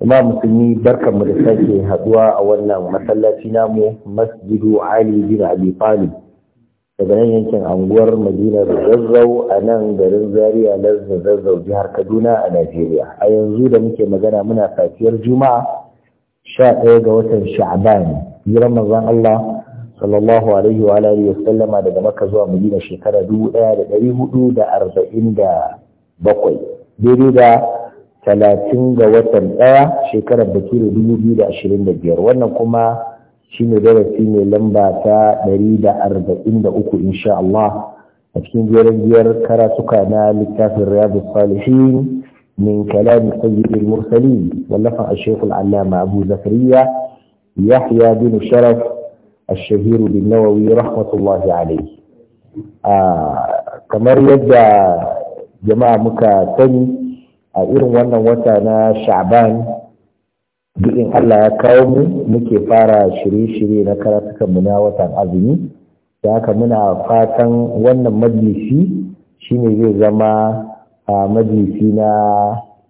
kuma musulmi mu da sake haduwa a wannan masallaci namu masjidu ali bin abi talib daga nan yankin anguwar madinar zazzau a nan garin zaria lardin zazzau jihar kaduna a najeriya a yanzu da muke magana muna safiyar juma'a sha ɗaya ga watan sha'ban hijiran ramazan allah sallallahu alaihi wa alihi wa sallama daga maka zuwa madina shekara dubu ɗaya da ɗari hudu da arba'in da bakwai daidai da talatin ga watan ɗaya shekarar bakiru dubu biyu da ashirin da biyar wannan kuma shi ne darasi mai lamba ta ɗari da arba'in da uku insha Allah a cikin jerin biyar karatuka na littafin riyadu salihin min kalam sayyidil mursalin wallafan ashekul allama abu zakariya yahya bin sharaf الشهير بالنووي رحمة rahmatullahi عليه ah, Kamar yadda jama'a muka sani. a irin wannan wata na sha'ban duk in Allah ya kawo mu muke fara shirye-shirye na mu na watan azumi da haka muna fatan wannan majalisi shine zai zama a majalisi na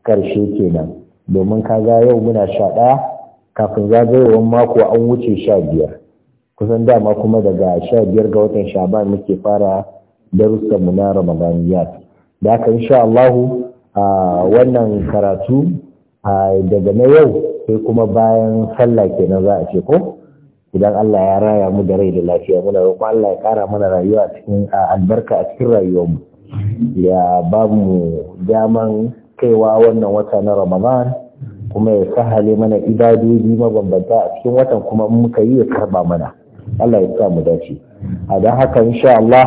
karshe kenan domin kaga yau muna sha ɗaya kafin zagayowar mako an wuce sha biyar kusan dama kuma daga sha biyar ga watan sha'ban muke fara darussanmu na ramadaniyat da haka insha Allahu a wannan karatu daga na yau sai kuma bayan sallah kenan za a ce ko idan Allah ya raya mu da rai da lafiya muna roƙon Allah ya ƙara mana rayuwa cikin albarka a cikin rayuwarmu ya ba mu daman kaiwa wannan wata na Ramadan kuma ya sahale mana ibadoji mabambanta a cikin watan kuma muka yi ya karba mana Allah ya sa mu dace a don haka insha Allah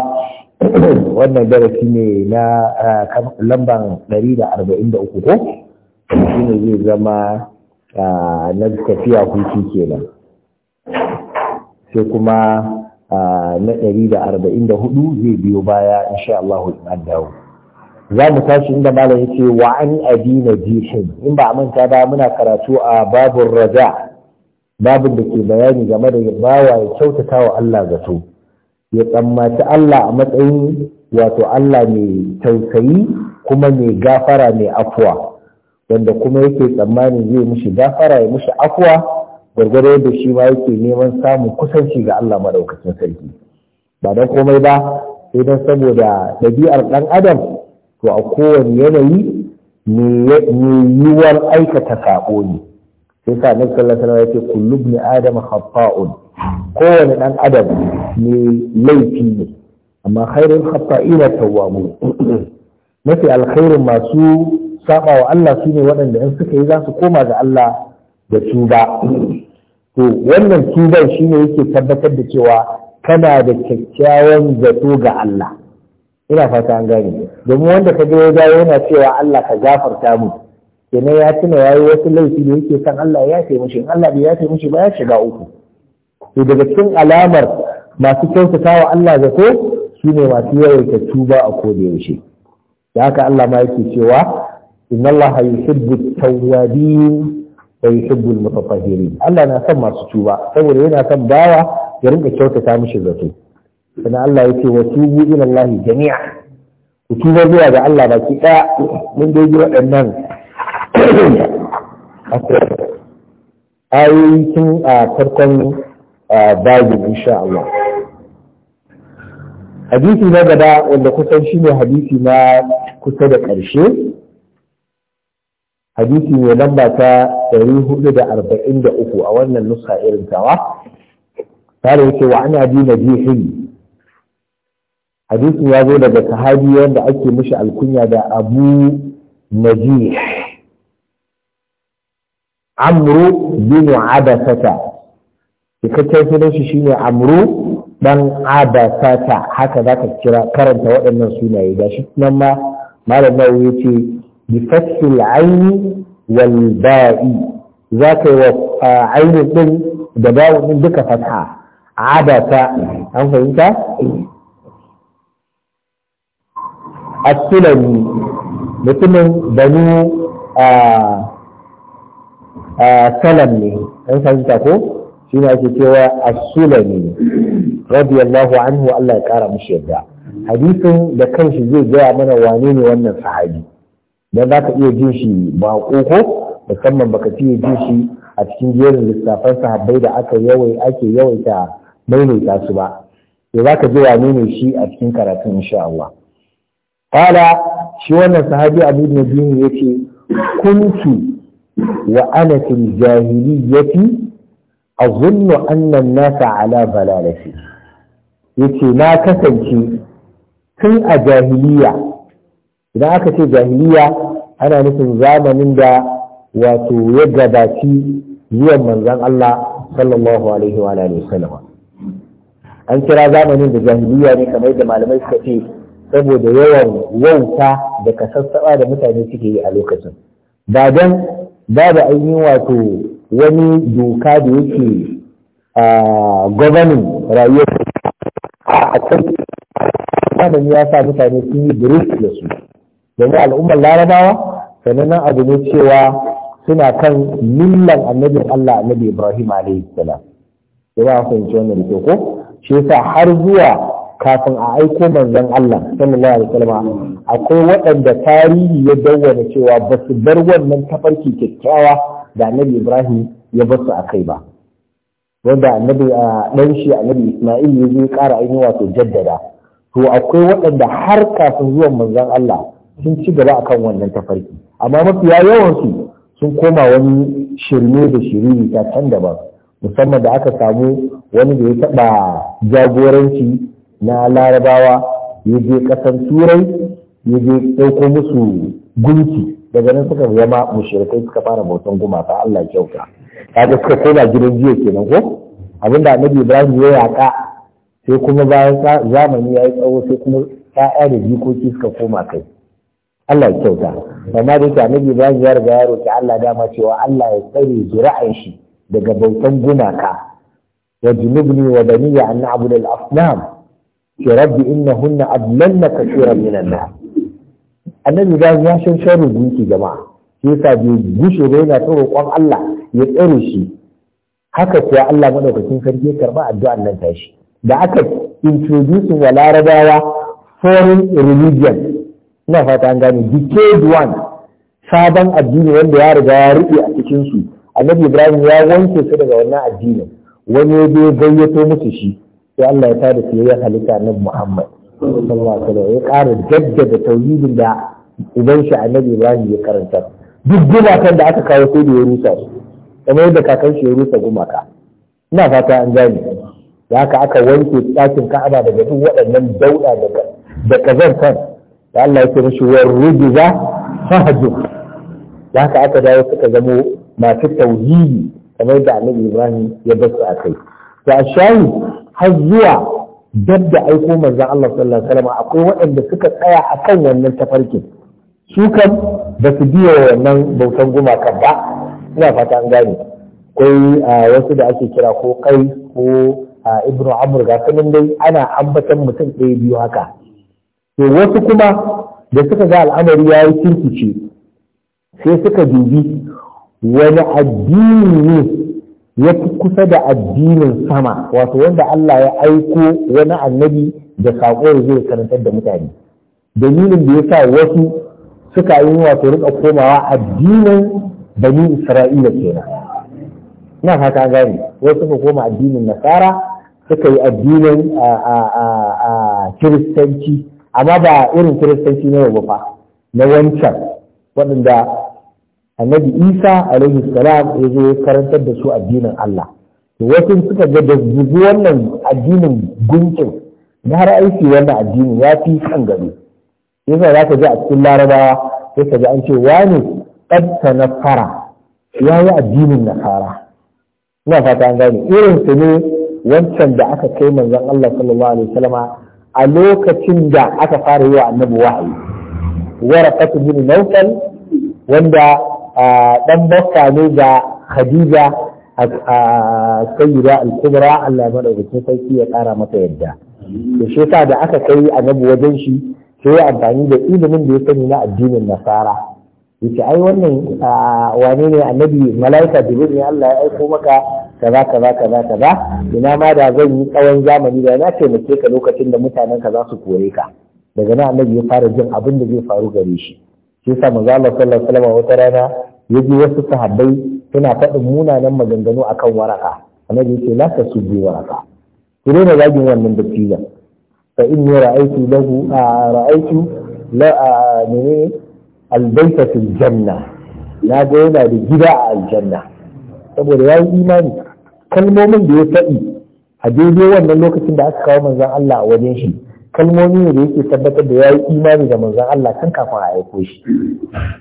wannan darasi ne na lamban 143 ko shi ne zai zama na tafiya hutu kenan sai kuma na 144 zai biyo baya insha Allah dawo za mu tashi inda malam ce wa an adina jihin in ba a manta ba muna karatu a babun raja babin da ke bayani game da bawa ya kyautata wa Allah zato ya tsammaci Allah a matsayin wato Allah mai tausayi kuma mai gafara mai afuwa wanda kuma yake tsammani zai mishi gafara ya mishi afuwa gwargwado yadda shi ma yake neman samun kusanci ga Allah maɗaukacin sarki ba don komai ba sai don saboda ɗabi'ar ɗan adam to a kowane yanayi mai yiwuwar aikata saƙo ne sai sa nan sallallahu alaihi wasallam yake kullu ibn adam khata'un kowane ɗan adam ne laifi ne amma ina khata'ina tawwabu mafi alkhairin masu saba wa Allah shine waɗanda in suka yi za su koma ga Allah da tuba to wannan tuba shine yake tabbatar da cewa kana da kyakkyawan zato ga Allah ina fata an gane domin wanda ka ga ya yana cewa Allah ka gafarta mu kenan ya tuna yayi wasu laifi da yake kan Allah ya taimashi in Allah bai ya taimashi ba ya shiga uku to daga cikin alamar masu kyautata wa Allah zato shine masu yawaita tuba a ko da yaushe da haka Allah ma yake cewa inna Allah yuhibbu tawwabin wa yuhibbu al-mutatahhirin Allah na son masu tuba saboda yana son bawa ya rinka kyautata mishi zato sannan Allah yake wa tubu ila Allah jami'a ku tuba zuwa ga Allah baki daya mun dai ji waɗannan ayoyi tun a farkon babin insha Allah hadisi na gaba wanda kusan shi ne hadisi na kusa da ƙarshe hadisi ne lamba ta 443 a wannan nusa irin tawa tare yake wa ana bi na jihin hadisin ya zo daga sahabi wanda ake mishi alkunya da abu najih amru bin abasata cikakken sunan shi shine amru dan abasata haka za ka kira karanta waɗannan sunaye ga shi nan ma malam nawawi yace bi fathil aini wal ba'i za ka yi wa ainin din da ba'u din duka fatha abasa an fahimta as-sulami mutumin banu a salam ne an fahimta ko shi ne ake cewa as-sulami radiyallahu anhu Allah ya kara mishi yadda hadisin da kanshi zai gaya mana wane ne wannan sahabi dan zaka iya jin shi ba ko musamman baka fiye jin shi a cikin jerin lissafan sahabbai da aka yawai ake yawaita maimaita su ba to zaka ji wane ne shi a cikin karatun insha Allah qala shi wannan sahabi Abu Nabi yace kuntu wa ana fil jahiliyyati azunnu annan nasa ala balalati yace na kasance tun a jahiliya idan aka ce jahiliya ana nufin zamanin da wato ya gabaci zuwan manzon Allah sallallahu alaihi wa an kira zamanin da jahiliya ne kamar da malamai suka ce saboda yawan wauta da kasassaba da mutane suke yi a lokacin ba don babu ainihin wato wani doka da yake governing rayuwar a kan wannan ya sa mutane sun yi break da su yanzu al'ummar larabawa sanannen abu ne cewa suna kan millan annabin Allah annabi Ibrahim alaihi salam ya ba fahimci wannan da ko shi yasa har zuwa kafin a aiko manzon Allah sallallahu alaihi wasallam akwai waɗanda tarihi ya dawwana cewa ba su bar wannan tafarki kyakkyawa da annabi ibrahim ya basu a kai ba wanda annabi ɗan shi annabi isma'il ya zo ƙara ainihin wato jaddada to akwai waɗanda har kafin zuwan manzon Allah sun ci gaba akan wannan tafarki amma mafiya yawan su sun koma wani shirme da shiriri ta can daban musamman da aka samu wani da ya taɓa jagoranci na larabawa ya je ƙasar turai ya je ɗauko musu gunki daga nan suka zama mushrikai suka fara bautan gumaka Allah kyauta kaga suka koma gidan jiya kenan ko abinda annabi Ibrahim ya yaka sai kuma bayan zamani ya yi tsawo sai kuma ƴaƴa da jikoki suka koma kai Allah kyauta amma da yake annabi Ibrahim ya riga ya roki Allah dama cewa Allah ya tsare zuri'an shi daga bautan gumaka wa junubni wa baniya an na'budu al-asnam ya rabbi innahunna adlalna kathiran minan nas annabi ibrahim ya shan sharri gunki jama'a shi yasa bai gushe ba yana ta roƙon Allah ya tsare shi haka kuwa Allah madaukakin sarki ya karba addu'a nan tashi da aka introducing wa larabawa foreign religion ina fata an gane decade one sabon addini wanda ya riga ya riƙe a cikin su annabi ibrahim ya wanke su daga wannan addinin wani ya gayyato musu shi sai Allah ya tada su ya halitta annabi muhammad ya ƙara jaddada tauhidin da uban shi annabi Ibrahim ya karanta duk gumakan da aka kawo sai da ya rusa su kamar yadda kakan shi ya rusa gumaka ina fata an gane da aka aka wanke ɗakin Ka'aba daga duk waɗannan dauɗa da kazantar da Allah ya ce mishi war rujiza fahjur da aka aka dawo suka zamo masu tauhidi kamar da annabi Ibrahim ya basu a kai a shayi har zuwa dab da aiko manzon Allah sallallahu alaihi wasallam akwai waɗanda suka tsaya a kan wannan tafarkin su kan ba su biya wannan bautan gumaka ba ina fata an gane akwai wasu da ake kira ko kai ko ibnu amr ga sanin ana ambatan mutum ɗaya biyu haka to wasu kuma da suka ga al'amari yayi yi kirkice sai suka dubi wani addini ne ya fi kusa da addinin sama wato wanda Allah ya aiko wani annabi da saƙo zai karantar da mutane dalilin da ya sa wasu suka yi wato rika komawa addinin bani isra'ila kenan na haka gani wasu suka koma addinin nasara suka yi addinin kiristanci amma ba irin kiristanci na yau ba na wancan waɗanda annabi isa alaihi salam ya zo ya karantar da su addinin allah to wasu suka ga da zubi wannan addinin gunkin na har aiki wannan addini ya fi kan gari yasa za ka ji a cikin larabawa sai ka ji an ce wani ƙadda na fara ya yi addinin nasara ina fata an gane irin su ne wancan da aka kai manzon Allah sallallahu alaihi wasallama a lokacin da aka fara yi wa annabi wahayi waraqatu bin nawfal wanda Ɗan bakka ne ga Khadija a sayyida al-kubra Allah madaukakin sarki ya kara mata yadda yaushe shi yasa da aka kai annabi wajen shi sai ya amfani da ilimin da ya sani na addinin nasara yace ai wannan wane ne annabi malaika jibril ne Allah ya aiko maka kaza kaza kaza kaza ina ma da zan yi tsawon zamani da na taimake ka lokacin da mutanen ka za su kore ka daga nan annabi ya fara jin abin da zai faru gare shi shi sa manzo Allah sallallahu alaihi wasallam wata rana yaji wasu sahabbai suna faɗin munanan maganganu akan waraka annabi yace la tasubbi waraka ku daina zagin wannan dattijan fa inni ra'aytu lahu ra'aytu la albayta fil janna na ga yana da gida a aljanna saboda yayi imani kalmomin da ya faɗi a daidai wannan lokacin da aka kawo manzon Allah a wajen shi kalmomi ne da yake tabbatar da ya yi imani da manzon Allah kan kafin a aiko shi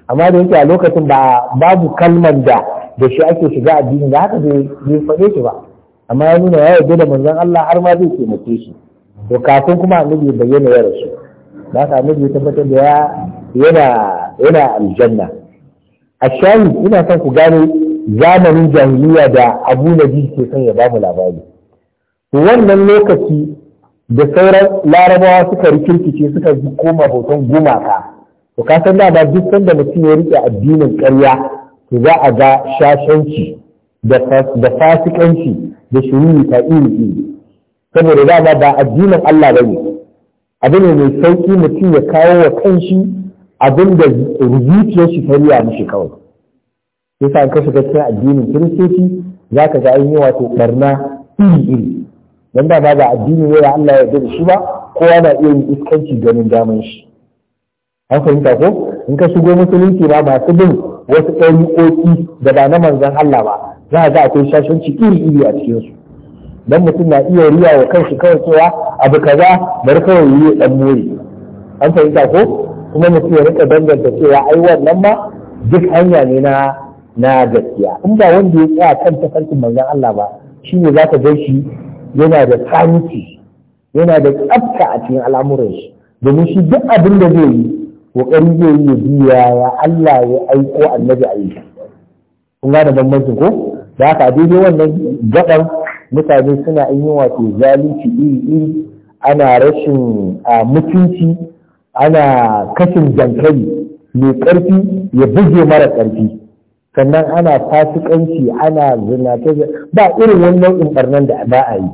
amma da yake a lokacin ba babu kalman da da shi ake shiga addini da haka bai faɗe shi ba amma ya nuna ya yarda da manzon Allah har ma zai taimake shi to kafin kuma a ya bayyana ya rasu da haka annabi ya tabbatar da ya yana yana aljanna a shayi ina son ku gane zamanin jahiliya da abu na ke son ya ba mu labari wannan lokaci da sauran larabawa suka rikirkice suka koma hoton gumaka to ka san da duk sanda mutum ya rike addinin ƙarya to za a ga shashanci da fasikanci da shiriri ta iri iri saboda dama ba addinin Allah ba ne abu ne mai sauƙi mutum ya kawo wa kanshi abin da zuciyar shi ta riya mishi kawai yasa an kashe gaskiya addinin kiristoci za ka ga an yi wato ɓarna iri iri don da ba addini ne Allah ya da shi ba kowa na iya yin iskanci ganin daman shi an fahimta ko in ka shigo musulunci ba masu bin wasu ɗariƙoƙi da ba na manzan Allah ba za a a kai shashanci iri iri a cikin su dan mutum na iya riya wa kanshi kawai cewa abu kaza bari kawai yi ɗan more an fahimta ko kuma mutum ya rika danganta cewa ai wannan ma duk hanya ne na na gaskiya in ba wanda ya tsaya kan tafarkin manzan Allah ba shi shine zaka ga shi yana da tsanci yana da tsafta a cikin al'amuran shi domin shi duk abin da zai yi kokari zai yi ya biya ya Allah ya aiko annabi a yi kun da bambancin ko da haka daidai wannan gaban mutane suna yin wato zalunci iri iri ana rashin mutunci ana kashin dankali mai ƙarfi ya buge mara ƙarfi sannan ana fasikanci ana zinata ba irin wannan nau'in ɓarnan da ba a yi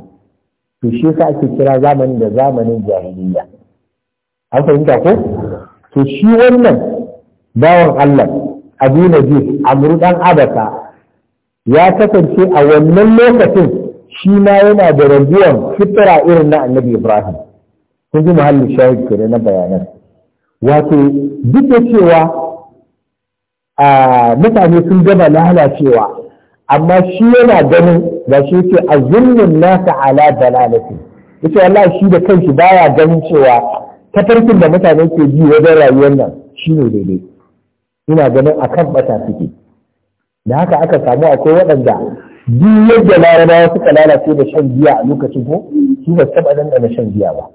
to shi ake kira zamanin da zamanin jahiliya an fahimta ko to shi wannan bawan Allah Abu Nabi Amru dan Abasa ya kasance a wannan lokacin shi ma yana da rabuwan fitra irin na Annabi Ibrahim kun ji muhalli shahid kenan na bayanan wato duk da cewa mutane sun gama lalacewa amma shi yana ganin ga shi a azunnin nasa ala dalalati yace wallahi shi da kanshi baya ganin cewa tafarkin da mutane ke bi wajen rayuwar nan shine daidai ina ganin akan bata suke da haka aka samu akwai waɗanda duk yadda larabawa suka lalace da shan giya a lokacin ko su ba taɓa dandana shan giya ba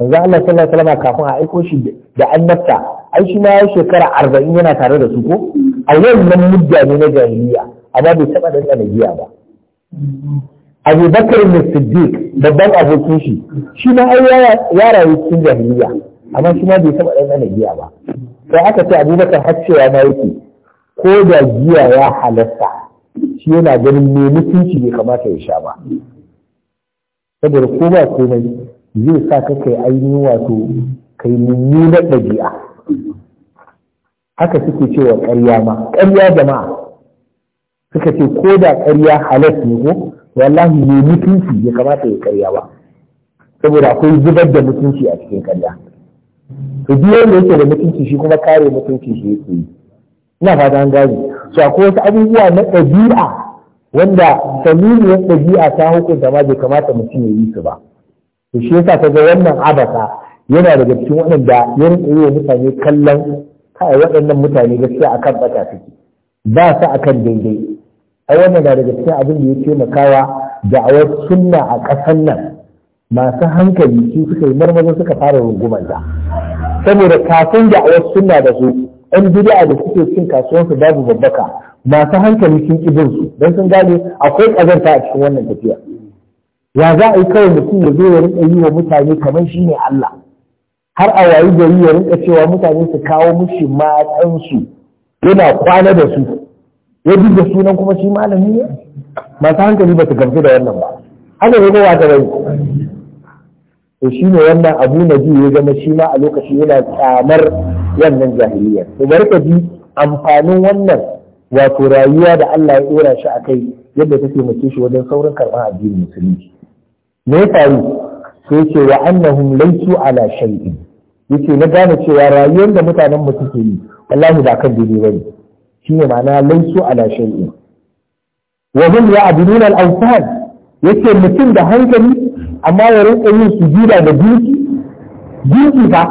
yanzu Allah sallallahu alaihi wasallam kafin a aiko shi da annabta ai shi ma shekara arba'in yana tare da su ko a wannan mudda ne na jahiliya amma bai taɓa dandana giya ba Abu Bakar da Siddiq babban abokin shi shi ma ai ya rayu cikin jahiliya amma shi ma bai taba ɗanɗana giya ba sai aka ce Abu Bakar har cewa ma yake ko da giya ya halasta shi yana ganin me mutunci bai kamata ya sha ba saboda ko ba komai zai sa ka kai ainihin wato kai mummunar ɗabi'a haka suke cewa ƙarya ma ƙarya jama'a suka ce ko da karya halas ne ko wallahi ne mutunci ya kamata ya karya ba saboda akwai zubar da mutunci a cikin karya to duk wanda yake da mutunci shi kuma kare mutunci shi yake yi ina fata an gane so akwai wasu abubuwa na ɗabi'a wanda ya ɗabi'a ta hukunta ma bai kamata mutum ya yi su ba to shi yasa ta ga wannan abasa yana daga cikin waɗanda ya rinka yi wa mutane kallon kai waɗannan mutane gaskiya akan ɓata suke ba su akan daidai ai wannan na daga cikin abin da ya taimakawa da'awar sunna a ƙasar nan masu hankali su suka yi marmarin suka fara rungumar da saboda kafin da'awar sunna da su ɗan bid'a da suke cin kasuwansu babu babbaka masu hankali sun ki bin su don sun gane akwai ƙazanta a cikin wannan tafiya ya za a yi kawai mutum ya zo ya rinka yi wa mutane kamar shi ne Allah har a wayi gari ya rinka cewa mutane su kawo mushi matsansu yana kwana da su ya duk da sunan kuma shi malami ne masu hankali ba su gamsu da wannan ba haka ne kowa ta bai to shi ne wannan abu na ji ya zama shi ma a lokaci yana tsamar wannan jahiliyar to bari ji amfanin wannan wato rayuwa da Allah ya dora shi a kai yadda ta taimake shi wajen saurin karɓar addinin musulunci me ya faru sai ce wa annahum laysu ala shay'in yace na gane cewa rayuwar da mutanen mu suke yi wallahi ba kan ba bane shine mana laisu ala shay'in wa hum ya'buduna al-awthan yace mutum da hankali amma ya rinka yin sujuda da duki duki ba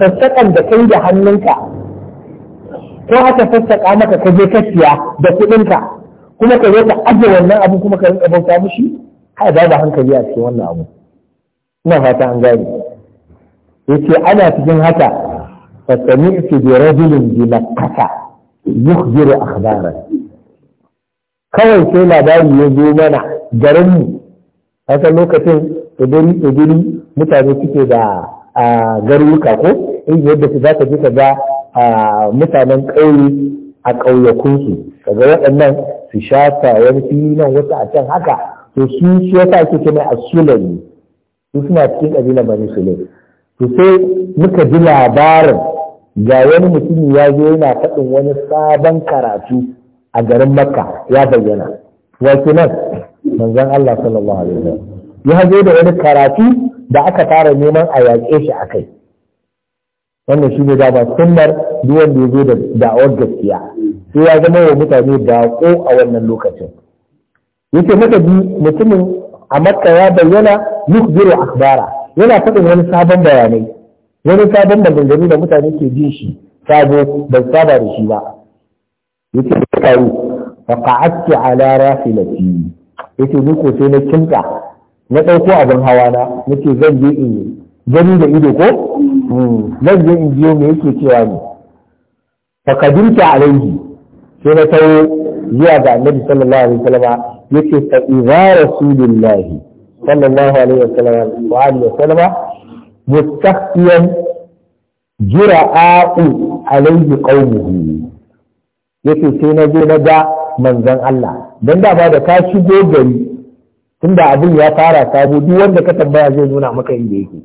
sassaƙan da kai da hannunka ko aka sassaƙa maka ka je kasiya da kuɗinka kuma ka zo ka ajiye wannan abu kuma ka rinka bauta mushi kai ba da hankali a cikin wannan abu ina fata an gane yace ana cikin haka fasami fi bi rajulin bi makkah yukhbiru akhbara kawai sai labari ya zo mana garin mu haka lokacin tsibiri tsibiri mutane suke da garuruka ko in yadda su zaka je ka ga mutanen ƙauye a ƙauyakunsu kaga waɗannan su sha tayar nan wasu a can haka to su shi yasa ake ce su cikin ƙabilar bani sulaim to sai muka ji labarin ga wani mutumi ya zo yana faɗin wani sabon karatu a garin makka ya bayyana wace nan manzon Allah sallallahu alaihi wasallam ya zo da wani karatu da aka fara neman a yaƙe shi a kai wannan shi ne dama sunnar duk wanda ya zo da da'awar gaskiya sai ya zama wa mutane daƙo a wannan lokacin yace maka bi mutumin a makka ya bayyana yukbiru akhbara yana faɗin wani sabon bayanai wani sabon maganganu da mutane ke jin shi sabo ban saba da shi ba yace ta faru fa qa'adtu ala rafilati yace ni ko sai na kinta na dauko abin hawa na nace zan je in gani da ido ko hmm, zan je in biyo me yake cewa ni fa kadinta alayhi sai na tawo zuwa ga annabi sallallahu alaihi wasallam yace fa idza rasulullahi sallallahu alaihi wasallam wa alihi wasallam mustafiyan jira'a'u alaihi qaumuhu yace sai na je na ga manzon Allah dan da ba da ka shigo gari tunda abin ya fara sabo duk wanda ka tambaya zai nuna maka inda yake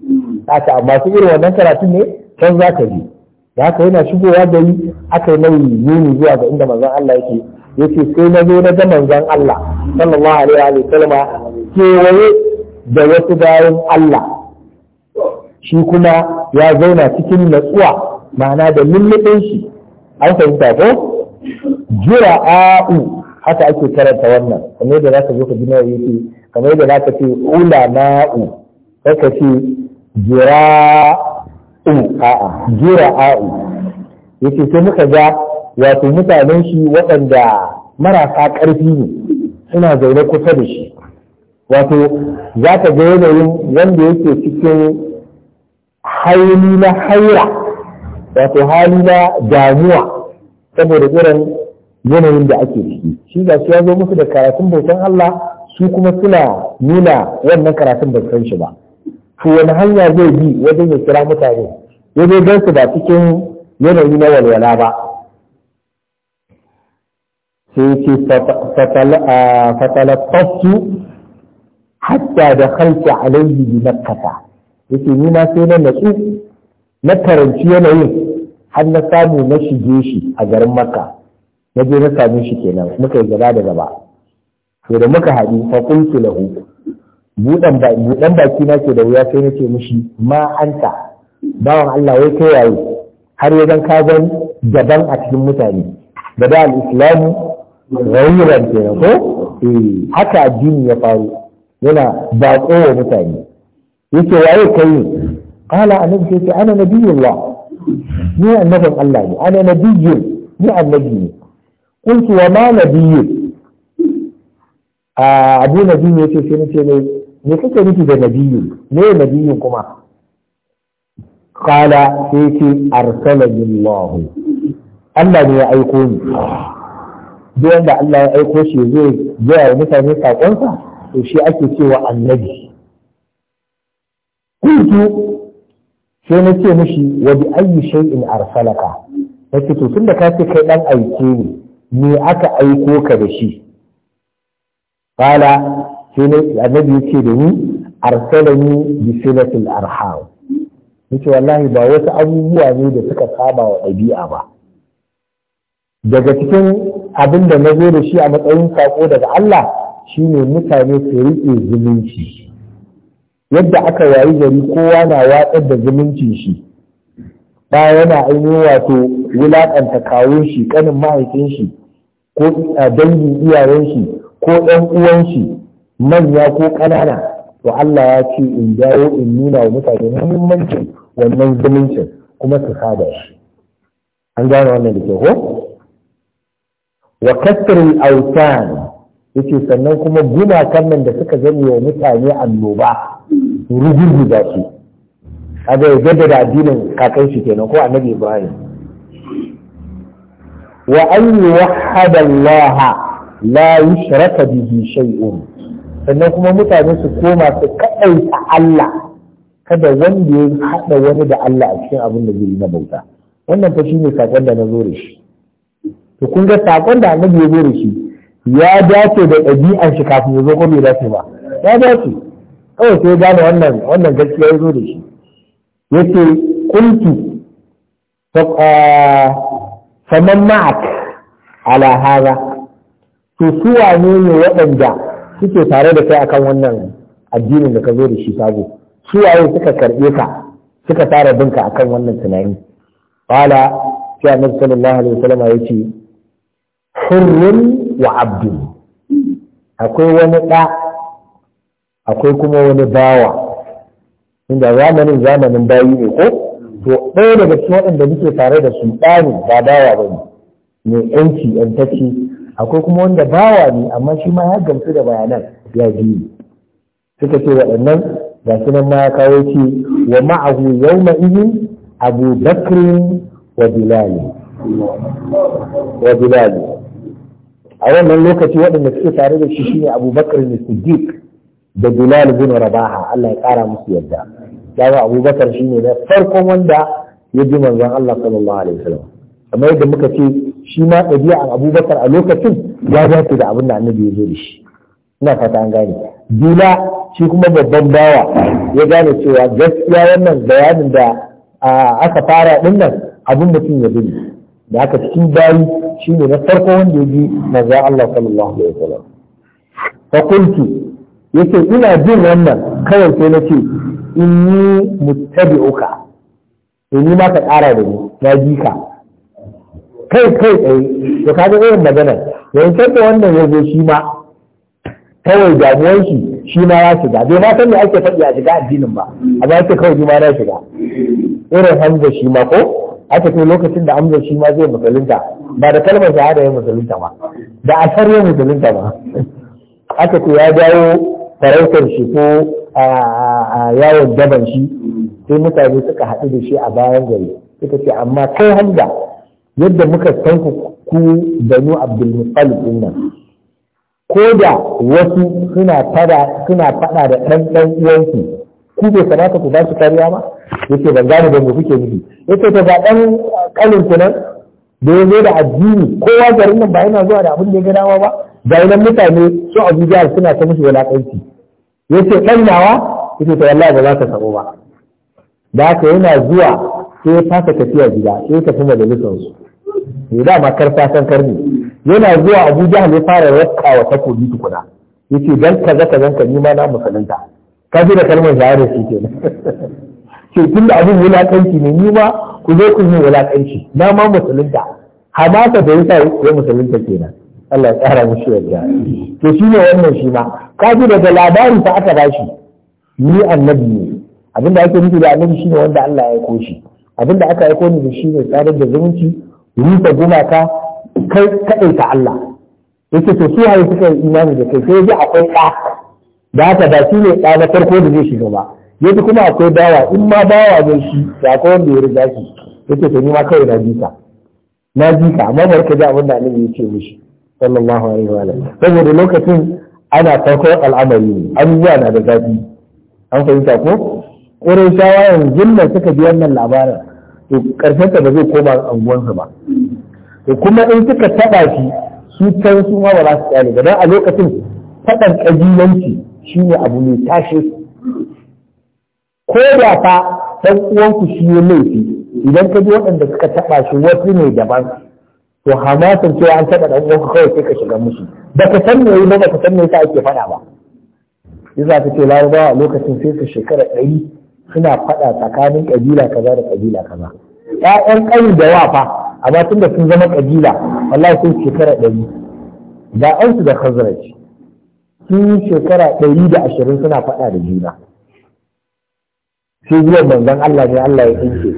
haka amma su irin wannan karatun ne can za ka je da haka yana shigowa gari aka yi mai nuni zuwa ga inda manzon Allah yake yace sai na zo na ga manzon Allah sallallahu alaihi wa sallama kewaye da wasu bayan Allah shi kuma ya zauna cikin natsuwa ma'ana da lullubin shi an fahimta ko a'u haka ake karanta wannan kamar yadda za ka zo ka jina nawa yake kamar yadda za ka ce na'u, sai ka ce a'u. a'a a'u yake sai muka ga wato mutanen shi waɗanda marasa ƙarfi ne suna zaune kusa da shi wato za ka ga yanayin wanda yake cikin Hali na haira wato hali na damuwa saboda irin yanayin da ake ciki shi ga shi ya zo musu da karatun bautan Allah su kuma suna nuna wannan karatun ba san shi ba to wani hanya zai bi wajen ya kira mutane ya zai gan su ba cikin yanayi na walwala ba sai ce ah, fatalattasu hatta da halki alaihi bi makkata yake ni ma sai na natsu na karanci yanayin har na samu na shige shi a garin makka na je na same shi kenan muka yi gaba da gaba to da muka haɗu fa qultu lahu buɗan baki na ke da wuya sai na ce mishi ma anta bawan Allah wai kai yayi har ya zan kagan daban a cikin mutane da da al-islamu ghayran na ko eh haka addini ya faru yana baƙo wa mutane yake waye kai qala annabi yake ana nabiyullah ni annabin Allah ne ana nabiyyu ni annabi ne kuntu wa ma nabiyyu a abu nabi ne yake sai nace ne me kake nufi da nabiyyu ne nabiyyu kuma qala sai yake arsalani Allah Allah ne ya aiko ni duk wanda Allah ya aiko shi zai gaya wa mutane sakonsa to shi ake cewa annabi kuntu sai na ce mishi wadda ayi ayyi shay'in arsalaka nace to tunda ka ce kai dan aike ne me aka aiko ka da shi Bala sai na biyu yace da ni arsalani bi silatil arham nace wallahi ba wasu abubuwa ne da suka saba wa ɗabi'a ba daga cikin abin da na zo da shi a matsayin sako daga Allah shine mutane su riƙe zumunci yadda aka yayi gari kowa na watsar da zumuncin shi ba yana ainihin wato wulaƙanta kawun shi ƙanin mahaifin shi ko dangin iyayen shi ko ɗan uwan shi manya ko ƙanana to Allah ya ce in dawo in nuna wa mutane muhimmancin wannan zumuncin kuma su sada shi an gane wannan da ke ko wa kasrul awtan yake sannan kuma gumakan nan da suka zame wa mutane annoba za su da ya da addinin kakan shi kenan ko annabi ibrahim wa an yuwahhada allah la yushraka bihi shay'un sannan kuma mutane su koma su ta allah kada wanda ya haɗa wani da allah a cikin abin da zai yi na bauta wannan fa ne sakon da na zo da shi to kun ga sakon da annabi ya zo da shi ya dace da ɗabi'an shi kafin ya zo ko bai dace ba ya dace kawai sai gane wannan wannan gaskiya ya zo da shi yace kuntu saman ma'ak ala haza to su wane ne waɗanda suke tare da kai akan wannan addinin da ka zo da shi sabo su waye suka karɓe ka suka tara binka akan wannan tunani qala sai annabi sallallahu alaihi wasallam yace hurrun wa Abdul akwai wani ɗa akwai kuma wani bawa inda zamanin zamanin bayi ne ko to ɗaya daga cikin waɗanda muke tare da su ɗa ne ba bawa ba ne mai yanci yantacce akwai kuma wanda bawa ne amma shi ma ya gamsu da bayanan ya biyu suka ce waɗannan ga su nan ma ya kawo ce wa ma'ahu yau ma'ihi abu bakrin wa bilali wa bilali a wannan lokaci waɗanda suke tare da shi shine abubakar ne siddiq da bilal bin rabaha Allah ya kara musu yadda yawa abubakar shine na farkon wanda ya ji manzon Allah sallallahu alaihi wasallam kamar yadda muka ce shi ma ɗabi'ar abubakar a lokacin ya dace da abin da annabi ya zo da shi ina fata an gane bila shi kuma babban bawa ya gane cewa gaskiya wannan bayanin da aka fara ɗin nan abin mutum ya bi da haka cikin bayi shine na farko wanda ya ji manzon Allah sallallahu alaihi wasallam fa yace ina jin wannan kawai sai na ce inni muttabi'uka to ni ma ƙara da ni na ji ka kai kai tsaye to ka ga irin magana yayin kanta wannan ya zo shi ma kawai damuwan shi shi ma ya shiga bai ma san me ake faɗi a shiga addinin ba amma yake kawai ma na shiga irin hanza shi ma ko aka ce lokacin da amza shi ma zai musulunta ba da kalmar shahada ya musulunta ba da asar ya musulunta ba aka ce ya jawo farautar shi ko yawon daban shi sai mutane suka haɗu da shi a bayan gari suka ce amma kai hanga yadda muka san ku banu abdulmuttalib din nan ko da wasu suna fada da ɗanɗan uwansu ku bai kamata ku ba su kariya ba yake ban gane da mu kuke nufi yake ta zaɓen dan kalin ku nan da ya zo da addini kowa garin nan ba yana zuwa da abin da ya ga dama ba ga nan mutane su Abuja suna ta musu wulakanci yake dan nawa yake ta wallahi ba za ka sabo ba da haka yana zuwa sai ya fasa tafiya gida sai ya tafi majalisar su eh, da ma karfa san karni yana zuwa Abuja ne fara rakkawa takobi tukuna yake dan kaza kaza ka nima na musulunta kafi da kalmar shahada shi ke nan ce tun da abin wulaƙanci ne ni ma ku zo ku yi wulaƙanci na ma musulunta hamasa da yasa ya musulunta kenan Allah ya tsara mushi yadda to shi ne wannan shi ma kafi daga labarin ta aka bashi ni annabi ne da ake nufi da annabi shine wanda Allah ya aiko shi da aka aiko ni da shi ne tsarar da zumunci rufe gumaka kai kaɗai ta Allah yake to su haye suka yi imani da kai sai ji akwai ɗa da haka ba shi ne ɗa na farko da zai shiga ba yadda kuma akwai bawa in ma bawa zai shi da akwai wanda ya riga shi yake ta ni ma kawai na bi ka na bi ka amma barka da abin da annabi ya ce mishi sallallahu alaihi wa sallam saboda lokacin ana farkon al'amari ne abubuwa na da zafi an fahimta ko ƙurin shawa yanzu suka bi wannan labarin to ƙarshen ba zai koma anguwansa ba to kuma in suka taɓa shi su can su ma ba za su tsaya ba don a lokacin faɗan ƙabilanci shi ne abu mai tashi ko da fa ɗan uwanku shi ne laifi idan ka ji waɗanda suka taɓa shi wasu ne daban to hamasin cewa an taɓa ɗan uwanku kawai sai ka shiga musu ba ka san me ba ba ka san me yasa ake faɗa ba yasa ka ce larabawa lokacin sai ka shekara ɗari suna faɗa tsakanin ƙabila kaza da ƙabila kaza ƴaƴan ƙanin da wafa amma tun da sun zama ƙabila wallahi sun shekara ɗari da ansu da khazraj sun yi shekara ɗari da ashirin suna faɗa da juna sai zuwa manzon Allah ne Allah ya tsinke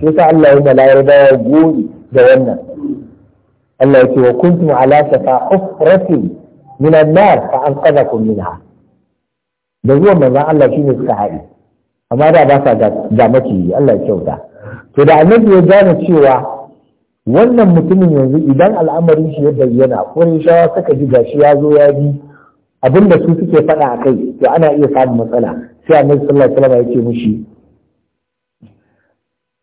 sai sa Allah ya malayar dawa goyi da wannan Allah ya ce wa kuntum ala safa hufratin min an-nar fa anqadhakum minha da zuwa manzon Allah shine suka haɗe amma da ba sa ga maciji Allah ya kyauta to da annabi ya gane cewa wannan mutumin yanzu idan al'amarin shi ya bayyana ƙurin shawa suka ji gashi ya zo ya bi da su suke faɗa a kai to ana iya samun matsala sai annabi sallallahu alaihi wasallam ya ce mushi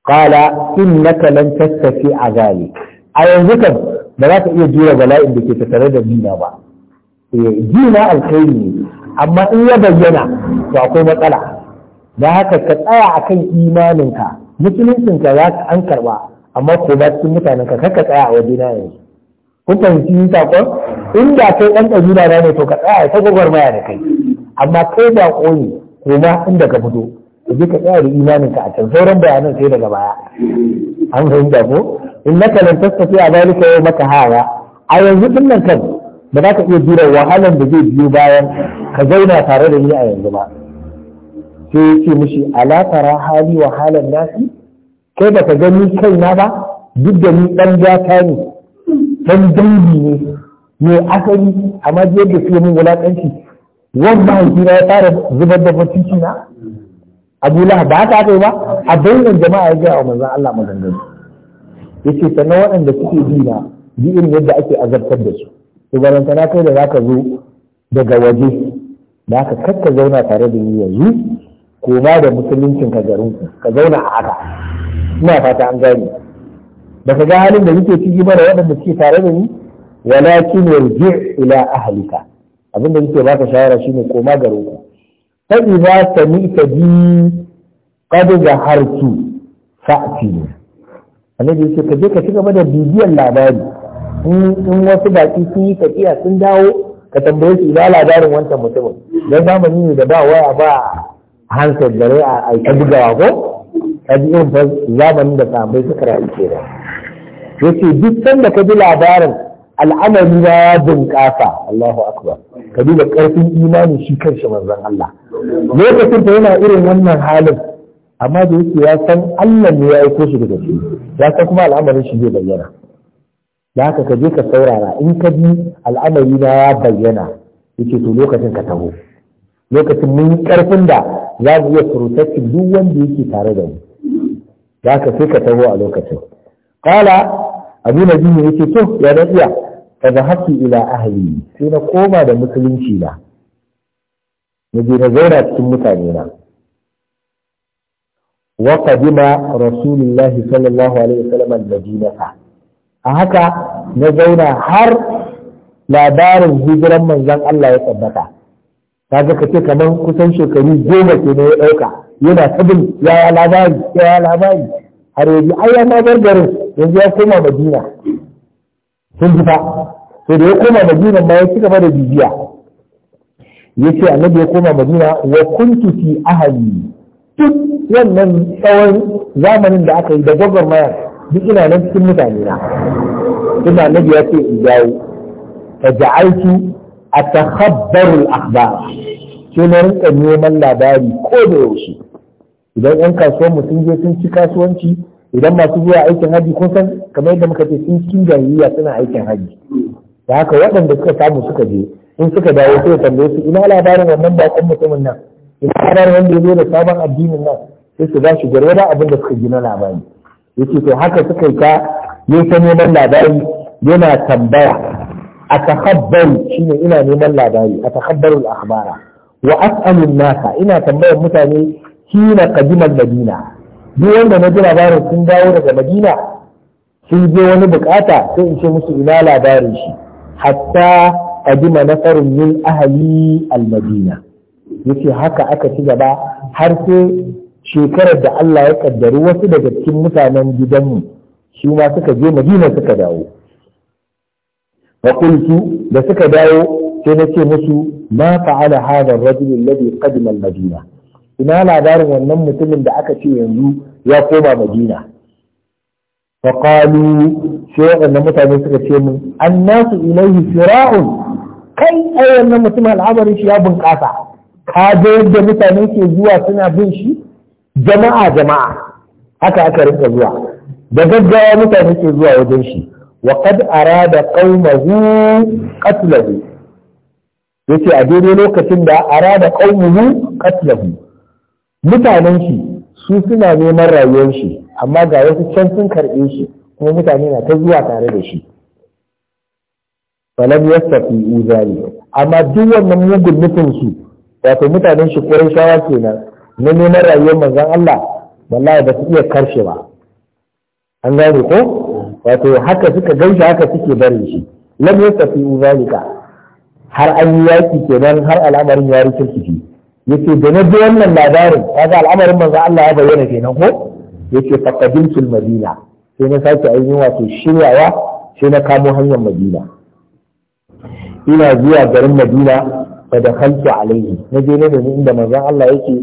qala innaka lan tastafi a zalik a yanzu kan ba za ka iya jure bala'in da ke tattare da jina ba jina eh, alkhairi ne amma in ya bayyana to akwai matsala da haka ka tsaya akan imaninka musuluncinka za ka an karba amma ko ba cikin mutanen ka ka tsaya a waje na yanzu kun fahimci sakon inda kai ɗan na ne to ka tsaya ta gwagwar maya da kai amma kai ba ƙoyi kuma inda ka fito ka je ka tsaya da imanin ka a can sauran bayanan sai daga baya an da ko in na kalan tasfafi a zalika yau maka hawa a yanzu din nan kan ba za ka iya jira wahalan da zai biyo bayan ka zauna tare da ni a yanzu ba sai ya ce mishi ala hali wahalan nasi kai ba ka gani kaina ba duk da ni ɗan jata ne ɗan dangi ne mai asali amma da su mun wulaƙanci wannan hankina ya fara zubar da mutunci na abu lahab ba haka kai ba a bayyana jama'a ya gaya wa manzan Allah maganganu yace sannan waɗanda suke bi na bi irin yadda ake azabtar da su to garanta na kai da za ka zo daga waje da ka kakka zauna tare da ni yanzu ko ba da musuluncin ka garin ku ka zauna a haka ina fata an gane Ba ka ga halin da nake ciki ba da waɗanda suke tare da ni walakin yarji ila ahlika abinda nake baka shawara shine koma garin ku fa idza sami'ta bi qad zahartu fa'ti ne yace ka je ka ci gaba da bibiyar labari in wasu baki sun yi tafiya sun dawo ka tambaye su ina labarin wancan mutumin dan zamani ne da ba waya ba hansar dare a aika bugawa ko ka ji irin zamanin da bai suka rayu kenan yace duk sanda ka ji labarin al'amari na ya bunƙasa Allahu akbar ka duba ƙarfin imani shi kanshi manzon Allah lokacin da yana irin wannan halin amma da yake ya san Allah ne ya aiko shi daga shi ya san kuma al'amarin shi zai bayyana da haka ka je ka saurara in ka bi al'amari na ya bayyana yake to lokacin ka taho lokacin mun karfin da za mu iya surutacci duk wanda yake tare da mu da haka sai ka taho a lokacin qala abu na biyu yake to ya dan iya fa hafi ila ahali. sai na koma da musulunci na na je na zauna cikin mutane na wa qadima rasulullahi sallallahu alaihi wasallam al-madinata a haka na zauna har labarin hijiran manzon Allah ya tabbata kaga kace kamar kusan shekaru goma ke na ya dauka yana tabin ya labari ya labari har yaji ayyana gargarin yanzu ya koma madina sun ji sai to da ya koma madina ma ya ci gaba da bibiya ya ce annabi ya koma madina wa kuntu fi ahali duk wannan tsawon zamanin da aka yi da maya duk ina nan cikin mutane na ina annabi ya ce in dawo aiki ja'altu ta al-akhbar sai na rinka neman labari ko da yaushe idan yan kasuwan mutum je sun ci kasuwanci idan masu zuwa aikin haji kun san kamar yadda muka ce sun ci jahiliya suna aikin haji da haka waɗanda suka samu suka je in suka dawo sai tambaye su ina labarin wannan bakon mutumin nan ina labarin wanda ya zo da sabon addinin nan sai su ba shi gwargwadon abin da suka gina labari yace to haka suka yi ta yi ta neman labari yana tambaya a takabbaru shine ina neman labari a takabbar al'akhbara wa as'alun nasa ina tambayar mutane kina qadimal madina duk wanda na ji labarin sun dawo daga madina sun je wani bukata sai in ce musu ina labarin shi hatta a nasarun min ahali al-madina yace haka aka ci gaba har sai shekarar da Allah ya kaddari wasu daga cikin mutanen gidanmu shi ma suka je madina suka dawo wa da suka dawo sai na ce musu ma fa'ala hadha ar-rajul alladhi qadima al-madina ina labarin wannan mutumin da aka ce yanzu ya koma madina faƙalu sai waɗannan mutane suka ce min annasu nasu ilaihi fira'un kai ai wannan mutum al'amarin shi ya bunƙasa ka ga yadda mutane ke zuwa suna bin shi jama'a jama'a haka aka rinka zuwa da gaggawa mutane ke zuwa wajen shi wa qad arada qaumahu qatlahu yace a daidai lokacin da arada qaumuhu qatlahu mutanen shi su suna neman rayuwar shi amma ga wasu can sun karɓe shi kuma mutane na ta zuwa tare da shi falam yastafi uzali amma duk wannan mugun nufin su wato mutanen shi shawa kenan na neman rayuwar manzon Allah wallahi ba su iya karshe ba an gane ko wato haka suka gaishe haka suke barin shi lam yastafi uzalika har an yi yaki kenan har al'amarin ya rikirkici yace da na ji wannan labarin ga al'amarin manzo Allah ya bayyana kenan ko yace faqadimtul madina sai na sake ainihin wato shiryawa sai na kamo hanyar madina ina zuwa garin madina fa da khaltu alaihi na je ne domin inda manzon Allah yake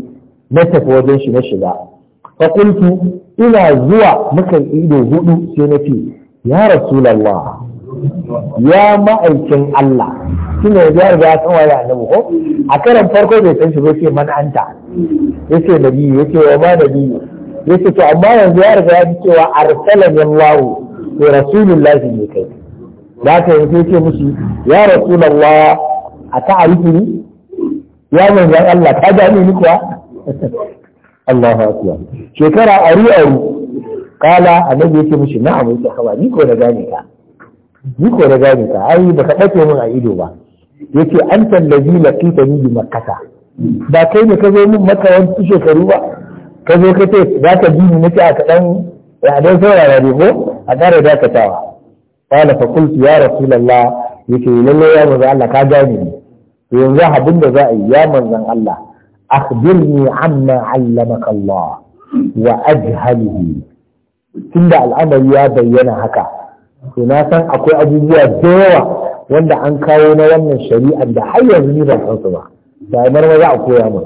na tafi wajen shi na shiga fa ina zuwa muka ido hudu sai na ce ya rasulullah ya ma'aikin Allah ne ya riga ya san waye annabi ko a karan farko bai san shi ba ce biyu ya yace nabi yace wa biyu. nabi yace to amma yanzu ya riga ya ji cewa arsalani Allah to rasulullahi ne kai da ka zai ce musu ya rasulallah a ta ni ya manzan Allah ka gane ni kuwa Allahu akbar shekara aru aru kala annabi yace mushi na'am yace hawa ni ko na gane ka ni ko na gane ka ai baka bace min a ido ba yace anta allazi laqita ni bi makkata ba kai ne ka zo min maka wani shekaru ba ka zo ka ce za ka bi ni nace a kaɗan ya dan saurara ne ko a ƙara dakatawa qala fa qultu ya rasulullah yace lallai ya manzo Allah ka gane ni yanzu abin da za a yi ya manzon Allah akhbirni amma allamaka Allah wa ajhalihi tunda al'amari ya bayyana haka to na san akwai abubuwa da yawa wanda an kawo na wannan shari'ar da har yanzu ni ban san su ba da mar maza a koya mu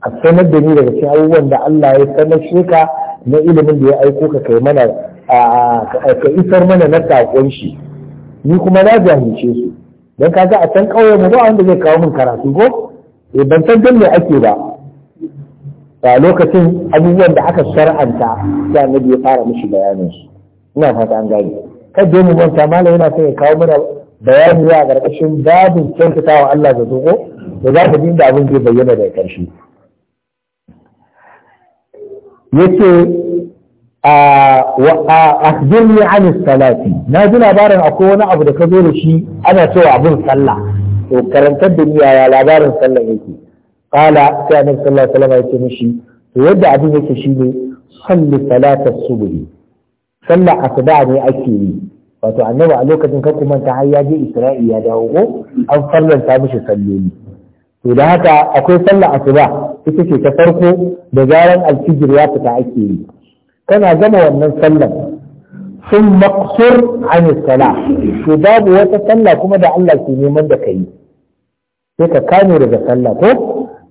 a sanar da ni daga cikin abubuwan da Allah ya sanar shi ka na ilimin da ya aiko ka kai mana ka isar mana na sakon shi ni kuma na jahilce su dan kaga a can kauye mu ba wanda zai kawo min karatu ko eh ban san dan me ake ba a lokacin abubuwan da aka shar'anta sai annabi ya fara mishi bayanin su ina fata an gane kan je mu manta malam yana so ya kawo mana bayani a ƙarƙashin babin kyautatawa Allah da zuko da za ka ji inda abin zai bayyana daga ƙarshe yace akhbirni an salati na ji labarin akwai wani abu da ka zo da shi ana cewa abin sallah to karantar da ni yaya labarin sallah yake qala sai annabi sallallahu alaihi wasallam ya ce mishi to yadda abin yake shine salli salata subhi sallar asuba ne ake yi wato annabi a lokacin ka kuma ta har ya je isra'i ya dawo ko an farlanta mishi salloli to da haka akwai sallar asuba ita ce ta farko da zaran alfijir ya fita ake yi kana gama wannan sallar sun maqsur an sala to babu wata sallah kuma da Allah ke neman da kai sai ka kame daga sallah ko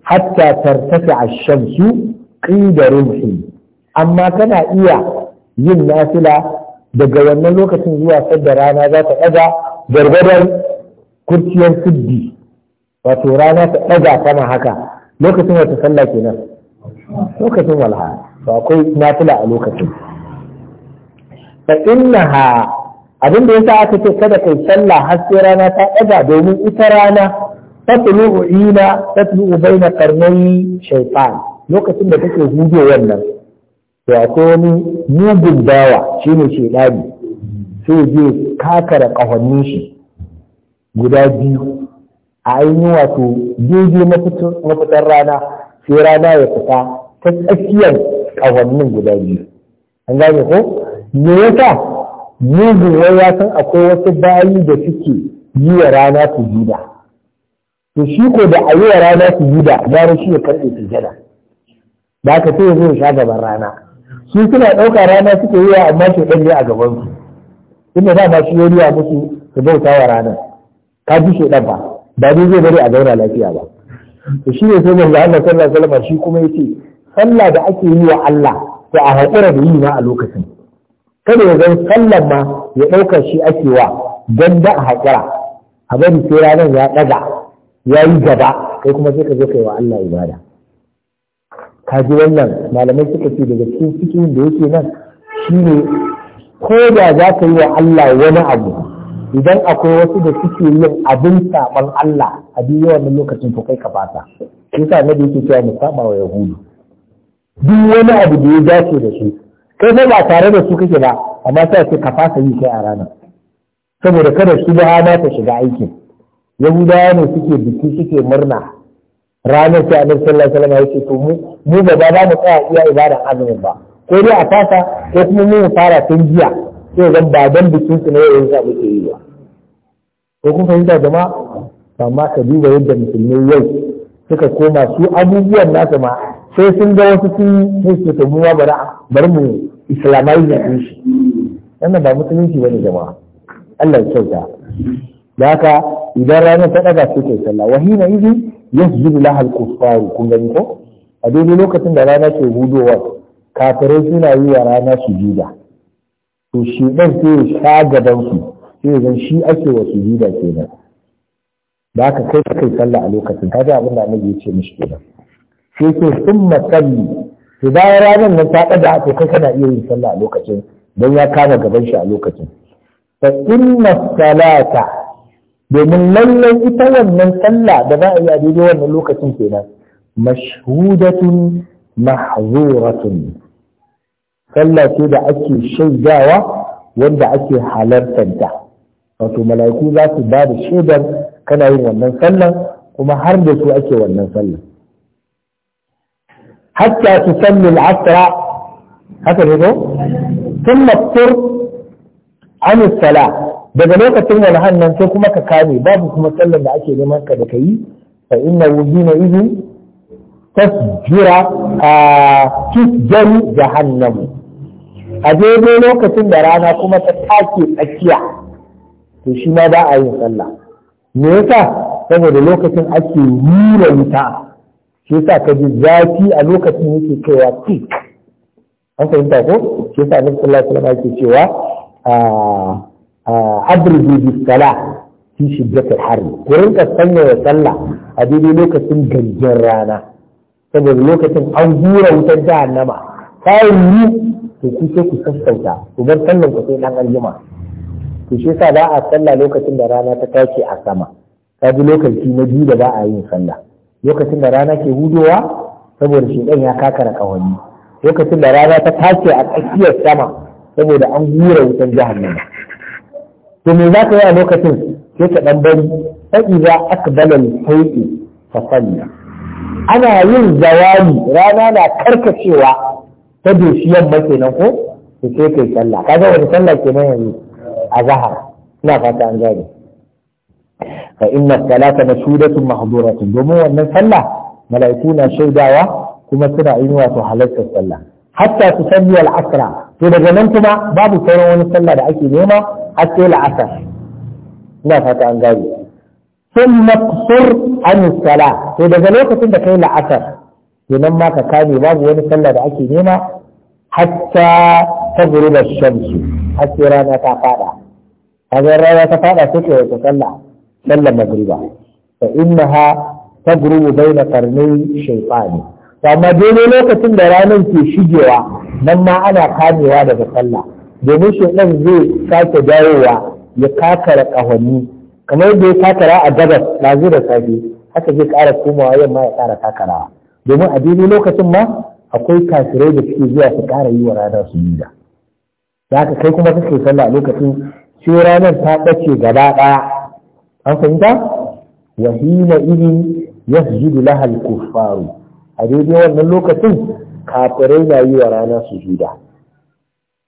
hatta tartafi ash-shamsu qida amma kana iya yin nafila daga wannan lokacin zuwa sadda rana za ta ɗaga gargadar kurciyar siddi wato rana ta ɗaga sama haka lokacin wata sallah kenan lokacin walha to akwai nafila a lokacin fa innaha abin da yasa aka ce kada kai sallah har sai rana ta ɗaga domin ita rana tatlu'u ina tatlu'u baina qarnayi shaytan lokacin da take hudo wannan to akwai wani mugun dawa shi ne shi shedani sai je kakara kahonnin shi guda biyu a ainihin wato daidai mafitar rana sai rana ya fita ta tsakiyar kahonnin guda biyu an gane ko me yasa mugun wai ya san akwai wasu bayi da suke yi wa rana su juda to shi ko da a yi wa rana su juda gara shi ya karɓe su jada da aka sai ya ya sha gaban rana su suna ɗauka rana suke yi amma shaidan ne a gaban su inda dama shi ya riya musu su bauta wa ranar ka ji ɗan ba ba ni zai bari a zauna lafiya ba to shi ne sai manzo Allah sallallahu alaihi wasallam shi kuma yace sallah da ake yi wa Allah to a hakura da yi ma a lokacin kada ya zan sallan ma ya ɗauka shi ake wa don da a hakura a bari sai ranar ya ɗaga ya yi gaba kai kuma sai ka zo kai wa Allah ibada kaji wannan malamai suka ce daga cikin cikin da yake nan Shi ne. ko da za ka yi wa Allah wani abu idan akwai wasu da suke yin abin saɓan Allah a biyu wannan lokacin to kai ka sa na nabi yake cewa mu saba wa yahudu duk wani abu da ya dace da su kai ba tare da su kake ba amma sai ce ka fasa yi kai a rana. saboda kada su ba ta shiga aikin yahudawa ne suke biki suke murna ranar sai annabi sallallahu alaihi wasallam ya ce to mu mu ba za mu tsaya iya ibadan azumin ba ko dai a fasa ko kuma mu fara tun jiya ko zan ba dan bikin su ne yayin da muke yi ba ko kuma fahimta jama'a amma ka duba yadda musulmi yau suka koma su abubuwan nasu ma sai sun ga wasu sun yi su ta muwa bari bar mu islamai na din shi wannan ba musulunci bane jama'a Allah ya kyauta da haka idan ranar ta ɗaga suke sallah wahina izi? yasjudu lahal al-kuffar kun gani ko a daidai lokacin da rana ke hudowa kafirai suna yi wa rana sujuda to shi dan sai ya sha gaban su sai zan shi ake wa sujuda kenan da aka kai ka kai sallah a lokacin kaga abin da annabi ya ce mishi kenan sai ke summa salli to bayan ranar nan ta kada to kai kana iya yin sallah a lokacin don ya kama gaban shi a lokacin fa inna salata domin lallai ita wannan sallah da za a yi a daidai wannan lokacin kenan mashhudatun mahzuratun sallah ce da ake shaidawa wanda ake halartanta wato mala'iku za su ba da shaidar kana yin wannan sallan kuma har da su ake wannan sallan hatta su sallu al'asra haka ne ko? sun mafsur an sala daga lokacin walhan nan sai kuma ka kame babu kuma sallar da ake neman ka da ka yi fa inna wujina izin tasjira a da hannun. a daidai lokacin da rana kuma ta take tsakiya to shi ma ba a yin sallah me yasa saboda lokacin ake nuna wuta shi yasa ka ji zafi a lokacin yake kaiwa peak an fahimta ko shi yasa annabi sallallahu alaihi yake cewa abridu bi sala fi shiddatil harri ku rinka sanya wa sallah a daidai lokacin ganjen rana saboda lokacin an hura wutar jahannama kayan yi to ku sai ku sassauta ku bar sallan ku sai dan aljima to shi yasa ba a sallah lokacin da rana ta tashi a sama ka ji lokaci na biyu da ba a yin sallah lokacin da rana ke hudowa saboda shedan ya kakara kawani lokacin da rana ta tashi a tsakiyar sama saboda an hura wutar jahannama to me za ka yi a lokacin sai ka ɗan bari fa'iza akbalal fai'i fa salli ana yin zawali rana na karkacewa ta doshi yamma kenan ko to sai kai sallah kaga wani sallah kenan yanzu a zahar ina fata an gane fa inna salata masudatun mahduratun domin wannan sallah mala'iku na shaidawa kuma suna yin wato halartar sallah hatta su al-asra to daga nan kuma babu sauran wani sallah da ake nema har sai la'asar ina fata an gane sun maqsur an sala to daga lokacin da kai la'asar nan ma ka kame babu wani sallah da ake nema hatta tagruba shamsu har sai rana ta fada kaga rana ta fada sai ka yi sallah sallar magriba fa innaha tagrubu baina qarnay shaytani amma dole lokacin da ranar ke shigewa nan ma ana kamewa daga sallah domin shaidan zai sake dawowa ya kakara kahonni kamar da ya kakara a gabas ɗazu da safe haka zai ƙara komawa yamma ya ƙara kakarawa domin a daidai lokacin ma akwai kafirai da suke zuwa su ƙara yi wa ranar su yi da haka kai kuma kake sallah a lokacin sai ranar ta ɓace gaba ɗaya an fahimta wahina irin yasjudu lahal kufaru a daidai wannan lokacin kafirai na yi wa rana sujuda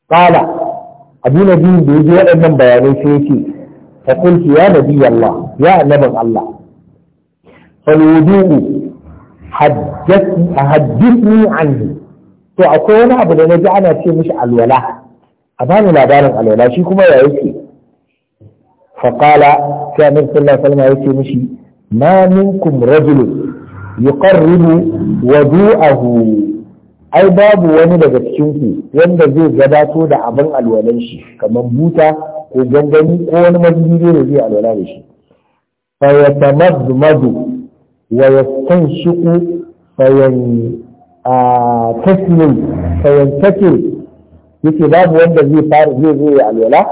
kala abu nabi da yaji waɗannan bayanai sai yake fa qultu ya nabi Allah ya annabin Allah fal wudu'u anhu to akwai wani abu da ji ana ce mishi alwala a bani labarin alwala shi kuma ya yake fa qala sai annabi sallallahu alaihi wasallam yake mishi ma minkum rajulun yuqarribu wudu'ahu ai babu wani daga cikinku wanda zai gabato da abin alwalan shi kamar buta ko gangani ko wani mazubi da zai alwala da shi fa wa yastanshiqu fa yan tasmin fa yake babu wanda zai fara zai zo ya alwala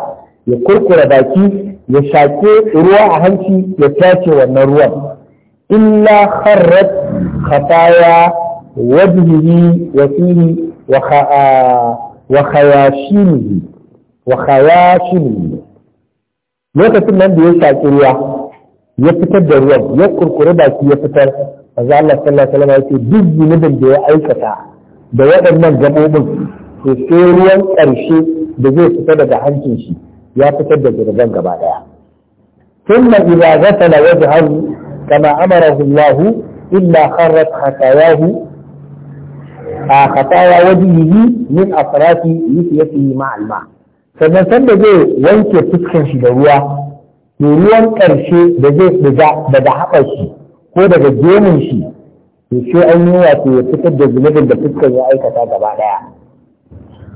ya kurkura baki ya shake ruwa a hanci ya tace wannan ruwan illa kharrat khataya وجهه وفيه وخ... وخياشيمه وخياشيمه lokacin nan da ya shaƙi ruwa ya fitar da ruwan ya kurkure baki ya fitar manzo Allah sallallahu alaihi wasallam duk zunubin da ya aikata da waɗannan gabobin to sai ruwan ƙarshe da zai fita daga hankin shi ya fitar da zunuban gaba daya thumma idza ghasala wajhahu kana amara Allah illa kharrat khatayahu a khataya wajihi min asrati yusiyati ma alma sannan sanda zai wanke fuskan shi da ruwa to ruwan karshe da zai diga daga haɓar shi ko daga gemun shi to sai an yi wato ya fitar da zunubin da fuskan ya aikata gaba daya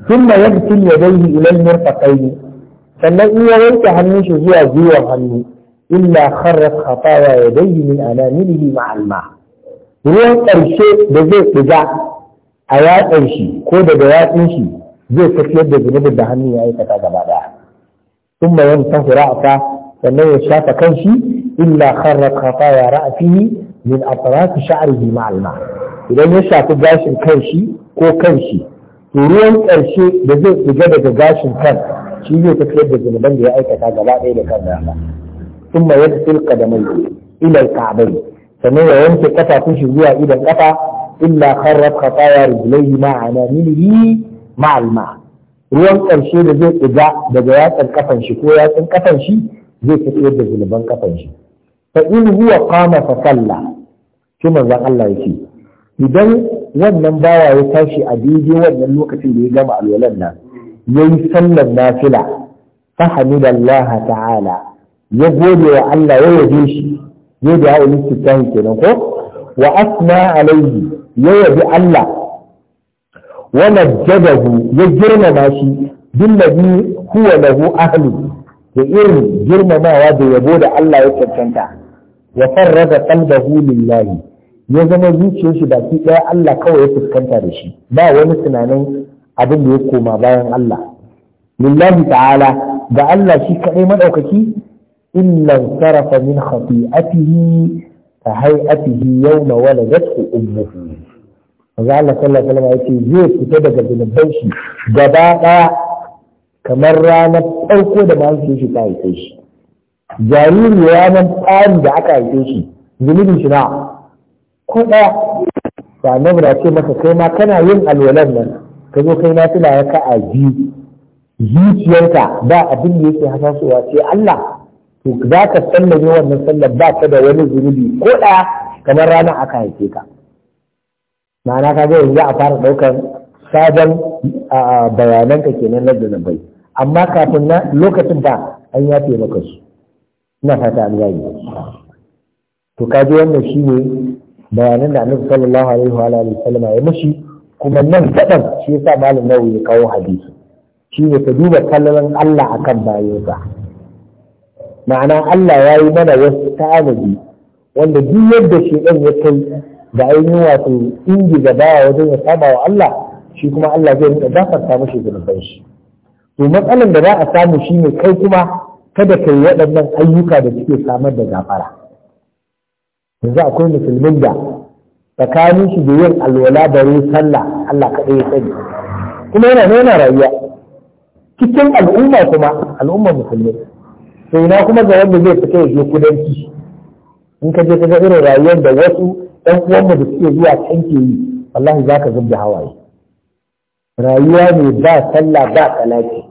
tun ya yadayhi ila al ne, sannan in ya wanke hannun shi zuwa gwiwar hannu illa kharrat khataya yadayhi min anamilihi ma ruwan karshe da zai diga a yatsan shi ko daga yatsun shi zai tafiyar da zunubin da hannu ya aikata gaba daya sun mayan tahu ra'asa sannan ya shafa kan shi illa kharra khataya ra'sihi min atraf sha'rihi ma'a al-ma idan ya shafi gashin kan shi ko kan shi to ruwan ƙarshe da zai shiga daga gashin kan shi zai tafiyar da zunuban da ya aikata gaba ɗaya da kan rana sun ma silka da mai ilal ka'abai sannan ya wanke kafafun shi zuwa idan kafa illa kharrat khataya rijlaihi ma anamilihi ma alma ruwan karshe da zai tsiga daga yatsan kafan shi ko yatsan kafan shi zai tafi da zulban kafan shi fa in huwa qama fa salla shi manzon Allah yake idan wannan bawa ya tashi a daidai wannan lokacin da ya gama alwalan nan yayi sallar nafila fa hamidallaha ta'ala ya gode wa Allah ya yabe shi ya da ya kenan ko wa asma alaihi ya yabi Allah wa najjadahu ya girmama shi billabi huwa lahu ahli, da irin girmamawa da yabo da Allah ya cancanta wa farraga qalbahu lillahi ya zama zuciyar shi baki ɗaya, Allah kawai ya fuskanta da shi ba wani tunanin abin da ya koma bayan Allah lillahi ta'ala da Allah shi kaɗai madaukaki illan sarafa min khati'atihi ka hay'atihi yawma waladat ummuhu manzo Allah sallallahu alaihi wasallam yace zai fita daga zunuban shi gaba daya kamar ranar farko da mahaifiyar shi ta haife shi jariri ranar tsari da aka haife shi zunubin shi na ko daya ba ce maka kai ma kana yin alwalan nan ka zo kai na tuna ya ka a biyu zuciyarka ba abin da yake hasasowa ce Allah to za ka sallame wannan sallar ba ta da wani zunubi ko ɗaya kamar ranar aka haife ka ma'ana ka ga yanzu a fara ɗaukar sabon bayananka kenan na zanabai amma kafin na lokacin ba an yafe maka su na fata an yayi to ka ji wannan ne bayanan da annabi sallallahu alaihi wa alihi sallama ya mushi kuma nan kadan shi yasa malam nawawi ya kawo hadisi ne ka duba kallon Allah akan bayansa ma'ana Allah ya yi mana wasu tanadi wanda duk yadda shi ya kai da ainihin wato ingiza bawa wajen ya saba wa Allah shi kuma Allah zai rinka gafarta mashi zunuban shi to matsalan da za a samu shi ne kai kuma kada yi waɗannan ayyuka da suke samar da gafara yanzu akwai musulmin da tsakanin shi da yin alwala da yin sallah Allah kaɗai ya sani kuma yana nuna rayuwa cikin al'umma kuma al'ummar musulmi to ina kuma ga wanda zai fita ya je kudanci in ka je ka ga irin rayuwar da wasu ɗan mu da suke zuwa can ke yi wallahi za ka zub da hawaye rayuwa ne ba sallah ba talaki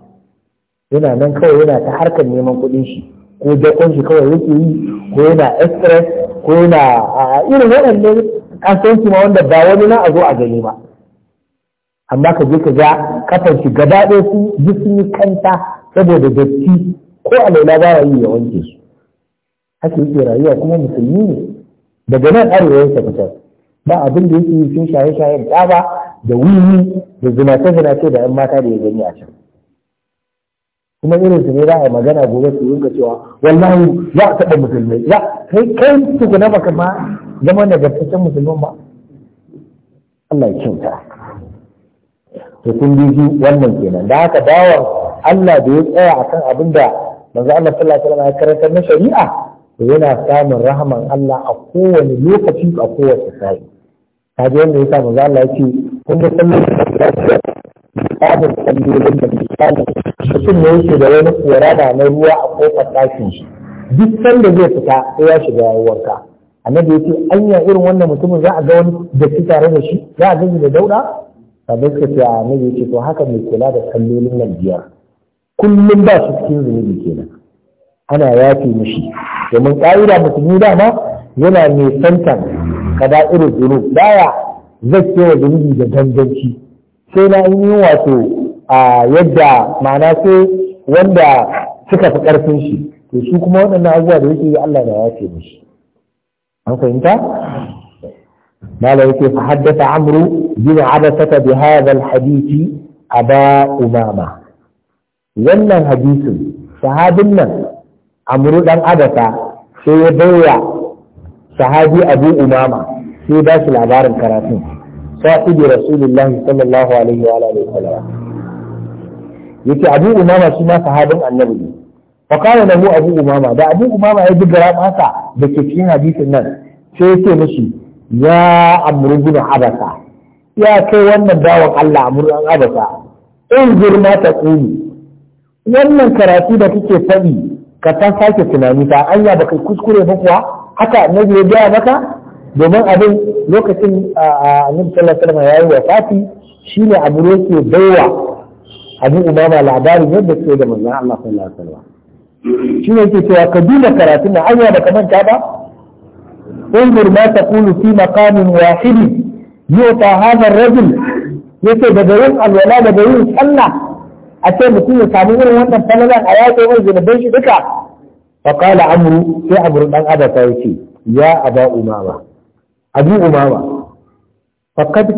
yana nan kawai yana ta harkar neman kuɗin shi ko dakon shi kawai yake yi ko yana express ko yana irin waɗannan kasuwanci ma wanda ba wani na a zo a gani ba amma ka je ka ga kafan shi gaba ɗaya sun ji sun yi kanta saboda datti ko a laila ba yi ya wanke su haka yake rayuwa kuma musulmi ne daga nan arewa ya fita ba abin da yake yi sun shaye-shaye da ba da wuni da zinace-zinace da ‘yan mata da ya gani a can. Kuma irin su ne za a magana gobe su yunga cewa wallahi za a taɓa musulmai za kai kai tuku na baka ma zama nagartaccen musulman ba. Allah ya kyauta. To kun biyu wannan kenan da haka dawo Allah da ya tsaya akan abin da manzo Allah sallallahu alaihi wasallam ya karantar na shari'a to yana samun rahaman Allah a kowane lokaci a kowace sa'i kaje wanda ya sa maza Allah yake kun ga sallar babin kallolin da misali mutum ne yake da wani korana na ruwa a kofar ɗakin shi duk sanda zai fita sai ya shiga yayin wanka annabi yake anya irin wannan mutumin za a ga wani da shi tare da shi za a gani da dauda ta suka ce annabi ce to haka mai kula da kallolin nan biyar kullum ba su cikin zunubi kenan ana yafe mishi domin ƙa'ida musulmi dama yana nisantar kada'ir zuru baya zai wa zunubi da ganganci sai na yi wato a yadda ma'ana sai wanda suka fi ƙarfin shi to su kuma waɗannan abubuwa da yake yi Allah na yafe mishi an fahimta Malam yake fa haddasa amru bin abasata bi hadha al-hadisi aba umama wannan hadisin sahabin nan amru dan adasa sai ya baiwa sahabi abu umama sai ya bashi labarin karatun sahibi rasulullahi sallallahu alaihi wa alihi wasallam yace abu umama shi ma sahabin annabi ne fa kana lahu abu umama da abu umama ya digara masa da ke cikin hadisin nan sai yace mishi ya amru bin abasa ya kai wannan bawan Allah amru dan abasa in girma ta tsini wannan karatu da kake faɗi ka ta sake tunani ta anya baka kuskure ba kuwa haka na ya biya maka domin abin lokacin a annabi sallallahu alaihi wasallam yayi wafati shine abu ne ke baiwa abin umama labarin yadda ke da manzon Allah sallallahu alaihi wasallam shine yake cewa ka duba karatun nan anya baka manta ba انظر ما تقول في مقام واحد يعطى هذا الرجل yake daga yin alwala daga yin sallah a ce mutum ya samu wurin wannan falalan a yaƙi wani zinabin shi duka fa qala amru sai amru dan abata yake ya aba umama abu umama faqad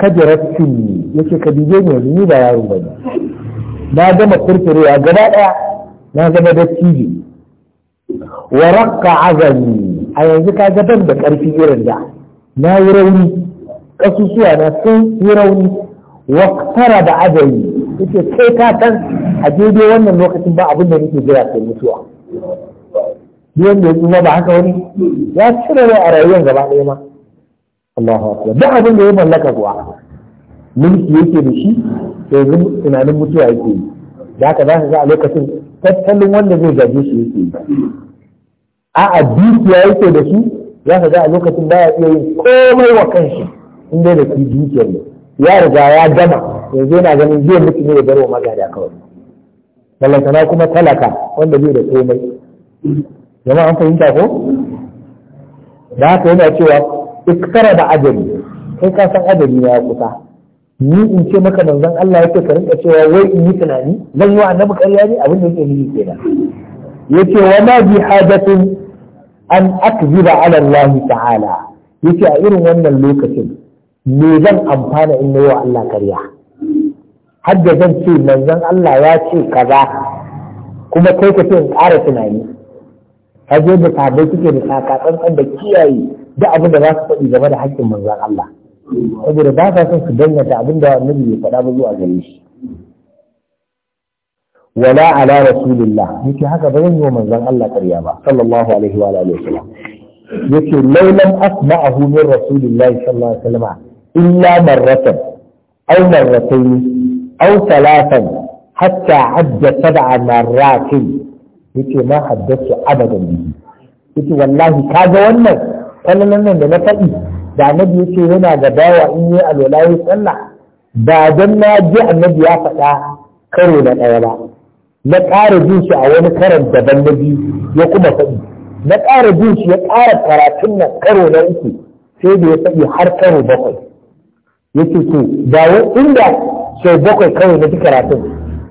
kajarat sunni yace ka bije ne ni ba yaro bane na gama kurkurewa gaba daya na zama dattijo wa raqqa azami a yanzu ka gaban da karfi irin da na yi rauni kasusuwa na sun yi rauni waqtara da adali yake kai ka san a daidai wannan lokacin ba abin da nake jira sai mutuwa duk wanda ya kuma ba haka wani ya cire rai a rayuwar gaba ɗaya ma Allahu akbar duk abin da ya mallaka kuwa mulki yake da shi yanzu tunanin mutuwa yake yi da haka za ka ga a lokacin tattalin wanda zai gaje shi yake yi a'a dukiya yake da shi za ka ga a lokacin baya iya yin komai wa kanshi in da shi dukiyar ne ya riga ya gama yanzu yana ganin zai mutu ne ya bar wa magada kawai ballantana kuma talaka wanda zai da komai zama an fahimta ko da haka yana cewa iktara da ajali kai ka san ajali ya kusa ni in ce maka manzon Allah yake ka rinka cewa wai in yi tunani zan yi wa annabi ƙarya ne abin da yake yi kenan yace wa ma bi hajatin an akziba ala Allah ta'ala yace a irin wannan lokacin me zan amfana in yi wa Allah karya hadda zan ce manzon Allah ya ce kaza kuma kai ka ce in ƙara tunani ka je da sabai suke da sakatsantsan da kiyaye da abin da za su faɗi game da haƙƙin manzon Allah saboda ba sa son su danganta abin da annabi ya faɗa ba zuwa gare shi wala ala rasulillah yake haka ba zan yi wa manzon Allah karya ba sallallahu alaihi wa alihi wasallam yake laulan asma'ahu min rasulillahi sallallahu alaihi wasallam illa marratan aw marratayn aw talatan hatta adda sab'a marratin yake ma haddasu abadan bihi yake wallahi kaga wannan kallon nan da na faɗi da ya ce yana ga bawa in yi alwala yi sallah ba don na ji annabi ya faɗa karo na ɗaya na ƙara jin a wani karan daban na biyu ya kuma faɗi na ƙara jin ya ƙara karatun nan karo na uku sai da ya faɗi har karo bakwai yace to dawo inda sau bakwai kawai na ji karatun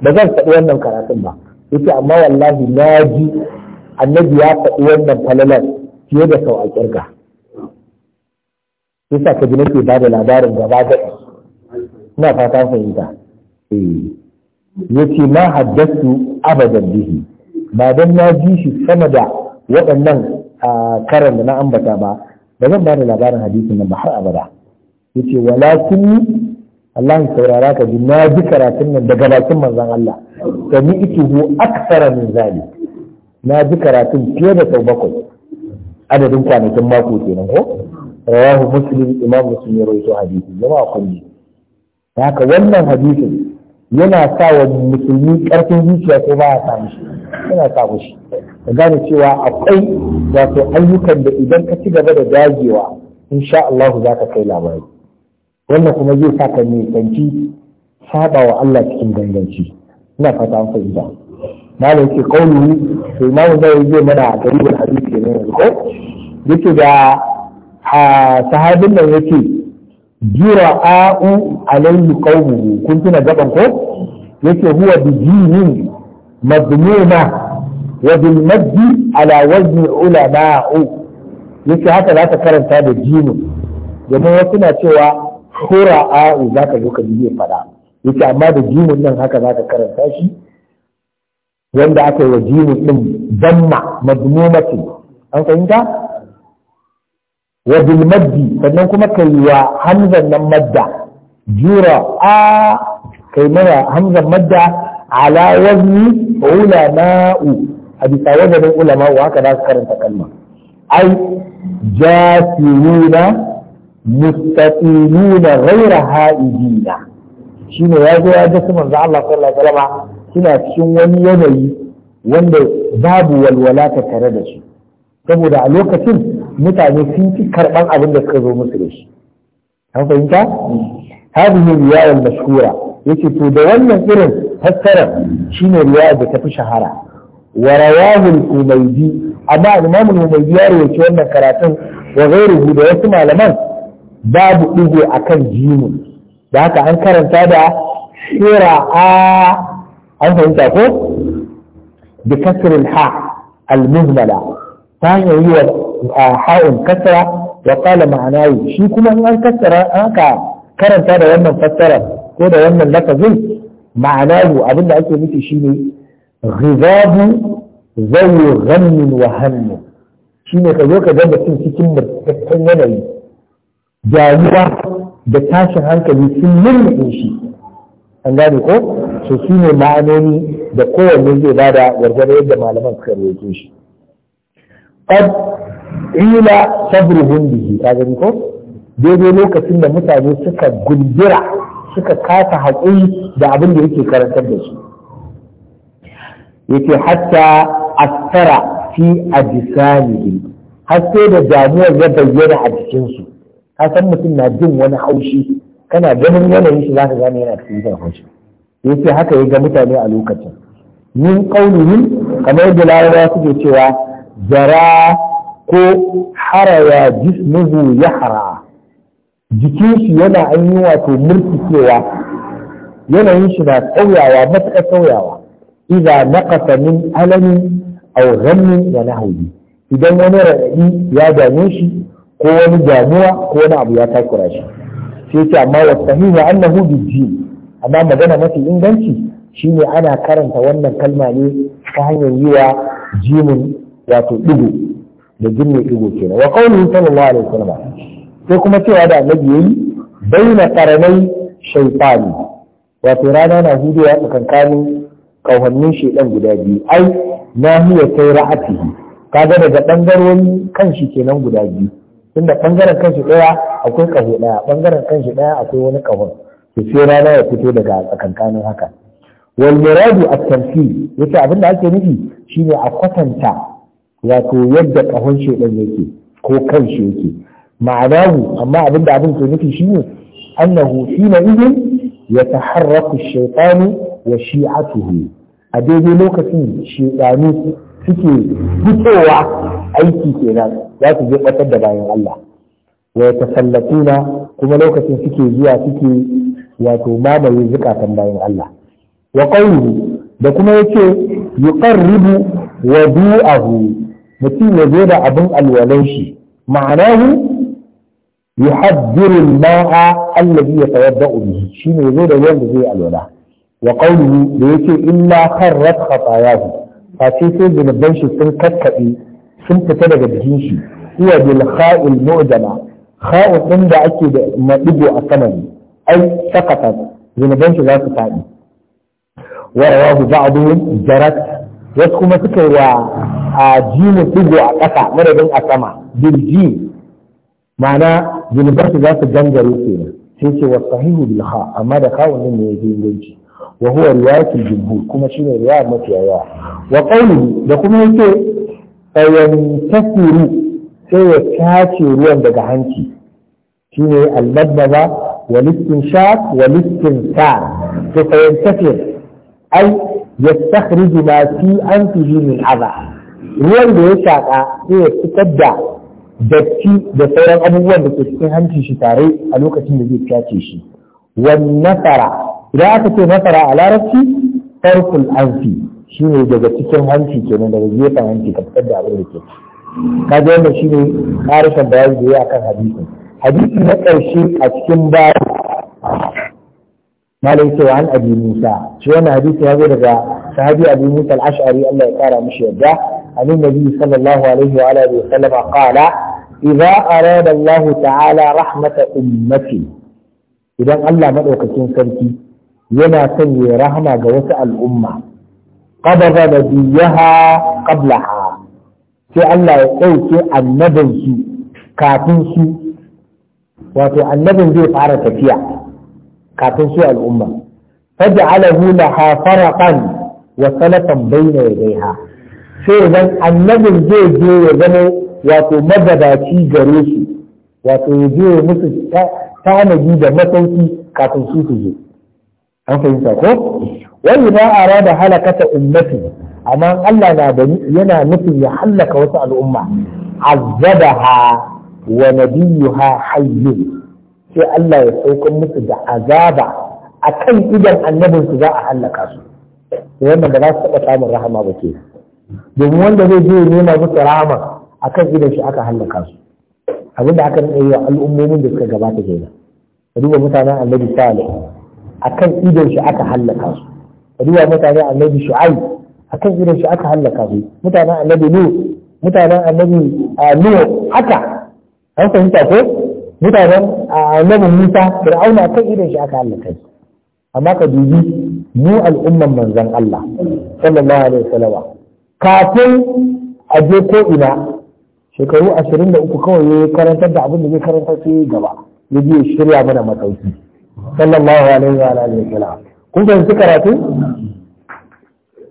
ba zan faɗi wannan karatun ba yace amma wallahi na ji annabi ya faɗi wannan falalar fiye da sau a kirga yasa ka ji nake ba da labarin gaba gaɗi ina fata fahimta eh. yace ma haddasu abadan bihi ba dan na ji shi sama da waɗannan ah, karan da na ambata ba ba zan ba da labarin hadisin nan ba har abada yace walakin Allah saurara ka ji na ji karatun nan daga bakin manzon Allah sami ituhu aksara min zalik na ji karatun fiye da sau bakwai adadin kwanakin mako kenan ko rawahu muslim imam muslim ya rawaito hadisi jama'a kun ji haka wannan hadisin yana sa wa musulmi karfin zuciya ko ba ya samu shi yana sa shi ka gane cewa akwai wato ayyukan da idan ka ci gaba da dagewa insha Allah za ka kai labari wannan kuma zai sa ka nisanci saba wa Allah cikin danganci, ina fata an fahimta malam ce kauli to imamu zai zai mana a garibin hadisi ne yanzu ko yake da sahabin nan yake jira a'u alayhi qawmuhu kun tuna gaban ko yake huwa bijinin madmuma wa bil maddi ala wazni ulama'u yake haka za ka karanta da jinin domin wasu na cewa hura'a'u za ka zo ka biye fada yace amma da jimin nan haka za ka karanta shi wanda aka yi wa jimin din damma madmumatin an fahimta wa bil maddi sannan kuma kai wa hamzan nan madda jura a kai mana hamzan madda ala wazni ulama'u a bisa wazanin ulama'u haka za ka karanta kalma ai jasirina mustaqimina ghayra ha'idina shine ya zo ya ga manzo Allah sallallahu alaihi wasallam cikin wani yanayi wanda babu walwala ta tare da shi, saboda a lokacin mutane sun fi karɓan abin da suka zo musu da shi an fahimta hadhihi riyayul mashhura yace to da wannan irin fassarar shine riwaya da tafi shahara wa rawahu al-umaydi amma al al-umaydi ya rawaita wannan karatun wa ghayruhu da wasu malaman babu ɗigo a kan jimun da haka an karanta da shira a an fahimta ko da kasirin ha almuzmala ta hanyar yi wa ha'un kasara wa kala ma'anayi shi kuma an kasara an ka karanta da wannan fassara ko da wannan lafazin ma'anayu abinda ake nufi shine rizabu zai ghammin wa hannu shine ka zo ka ga mutum cikin murtaccen yanayi damuwa da tashin hankali sun lulluɓe shi an gane ko so su ne ma'anoni da kowanne zai ba da gwargwaro yadda malaman suka rawaito shi qad ila sabruhum bihi ka gani ko daidai lokacin da mutane suka gundura suka kasa haƙuri da abin da yake karantar da su yake hatta asara fi ajisanihi har sai da damuwar ya bayyana a jikinsu ka san mutum na jin wani haushi kana ganin yanayin shi za ka gane yana cikin jin haushi yace haka ya ga mutane a lokacin min qaulihim kamar da larabawa suke cewa zara ko haraya jismuhu yahra jikin shi yana an wato murtikewa yanayin shi na sauyawa matuƙa sauyawa na kasa min alamin a ghammin wa nahwi idan wani raɗaɗi ya dame shi ko wani damuwa ko wani abu ya takura shi sai yace amma wa sahiha annahu bi amma magana mafi inganci shine ana karanta wannan kalma ne ta hanyar yi wa jimin wato digo da jimin digo kenan wa qawli sallallahu alaihi wasallam sai kuma cewa da annabi yayi baina qaranai shaytani wato rana na hudu ya tsakankanin kawannin shedan guda biyu ai nahiyar kai ra'atihi kaga daga bangarori kan shi kenan guda biyu tunda bangaren kanshi daya akwai kaho daya bangaren kanshi daya akwai wani kahon to sai rana ya fito daga tsakankanin haka wal muradu at-tamthil yace abin da ake nufi shine a kwatanta wato yadda kahon dan yake ko kan shi yake ma'anahu amma abin da abin ke nufi shine annahu hina idin yataharraku ash-shaytanu wa shi'atuhu a daidai lokacin shedanu suke fitowa aiki kenan za su je ƙasar da bayan Allah wa na kuma lokacin suke zuwa suke wato mamaye zukatan bayan Allah wa da kuma yace yuqarribu wadu'ahu mutum ya zo da abin alwalan shi ma'anahu yuhaddiru al-ma'a alladhi yatawadda'u bihi shine yazo da yanda zai alwala wa qawluhu da yace illa kharrat khatayahu ba sai sai zunuban shi sun kakkaɓe sun fita daga jikin shi iya bil kha'il mu'jama kha'u din da ake da madigo a sama ne ai sakata zunuban shi za su faɗi wa rawahu ba'dhum jarat wasu kuma suka wa a jinin digo a ƙasa madadin a sama bil jin ma'ana zunuban su za su gangare kenan sai ce wa sahihu bil kha amma da kha'u din ne ya inganci wa huwa riwayatul jumhur kuma shine riwaya mafi yawa wa qawluhu da kuma yake ayan tasiru sai ya tace ruwan daga hanci shine al-madmada wal istinshaq wal istinsar to fa yantasir ai yastakhrij ma fi anfihi min adha ruwan da ya shaka sai ya fitar da datti da sauran abubuwan da ke cikin hancin shi tare a lokacin da zai tace shi wan fara. idan aka ce masara a larabci farkul anfi shi ne daga cikin hanci kenan daga gefen hanci ka fitar da abin da ke ka ji wannan shi ne ƙarashin da ya akan hadisi hadisi na ƙarshe a cikin bayan malai cewa an abi musa shi wannan hadisi ya zo daga sahabi abu musa al-ash'ari Allah ya kara mishi yadda an nabi sallallahu alaihi wa alihi wa sallama qala idza arada Allah ta'ala rahmata ummati idan Allah madaukakin sarki yana son ya rahama ga wasu al'umma qabada biyaha qablaha sai Allah ya ɗauke annabinsu kafin su wato annabin zai fara tafiya kafin su al'umma faj'alahu laha farqan wa salatan bayna yadayha sai zan annabin zai je ya zama wato magadaci gare su wato ya je musu tanadi da masauki kafin su su zo an fahimta ko wani ba a rada halakata ummati amma Allah na da yana nufin ya halaka wasu al'umma ha wa ha hayyu sai Allah ya saukar musu da azaba kan idan annabinsu za a halaka su wannan da za su taɓa samun rahama ba ke domin wanda zai je nema musu rahama akan idan shi aka halaka su abinda aka nuna yi wa al'ummomin da suka gabata kenan duba mutanen annabi salih akan idon shi aka hallaka su riwa mutane annabi shu'aib akan idon shi aka hallaka su mutanen annabi nu mutanen annabi ah, nu haka an fahimta ko mutanen ah, annabi musa fir'auna akan idon shi aka hallaka su amma ka dubi mu al'umman manzon Allah sallallahu alaihi wasallam kafin a je ko ina shekaru ashirin da uku kawai ya karantar da abin da zai karantar sai gaba ya biye shirya mana matsauki sallallahu alaihi wa alihi sallam kun fahimci karatu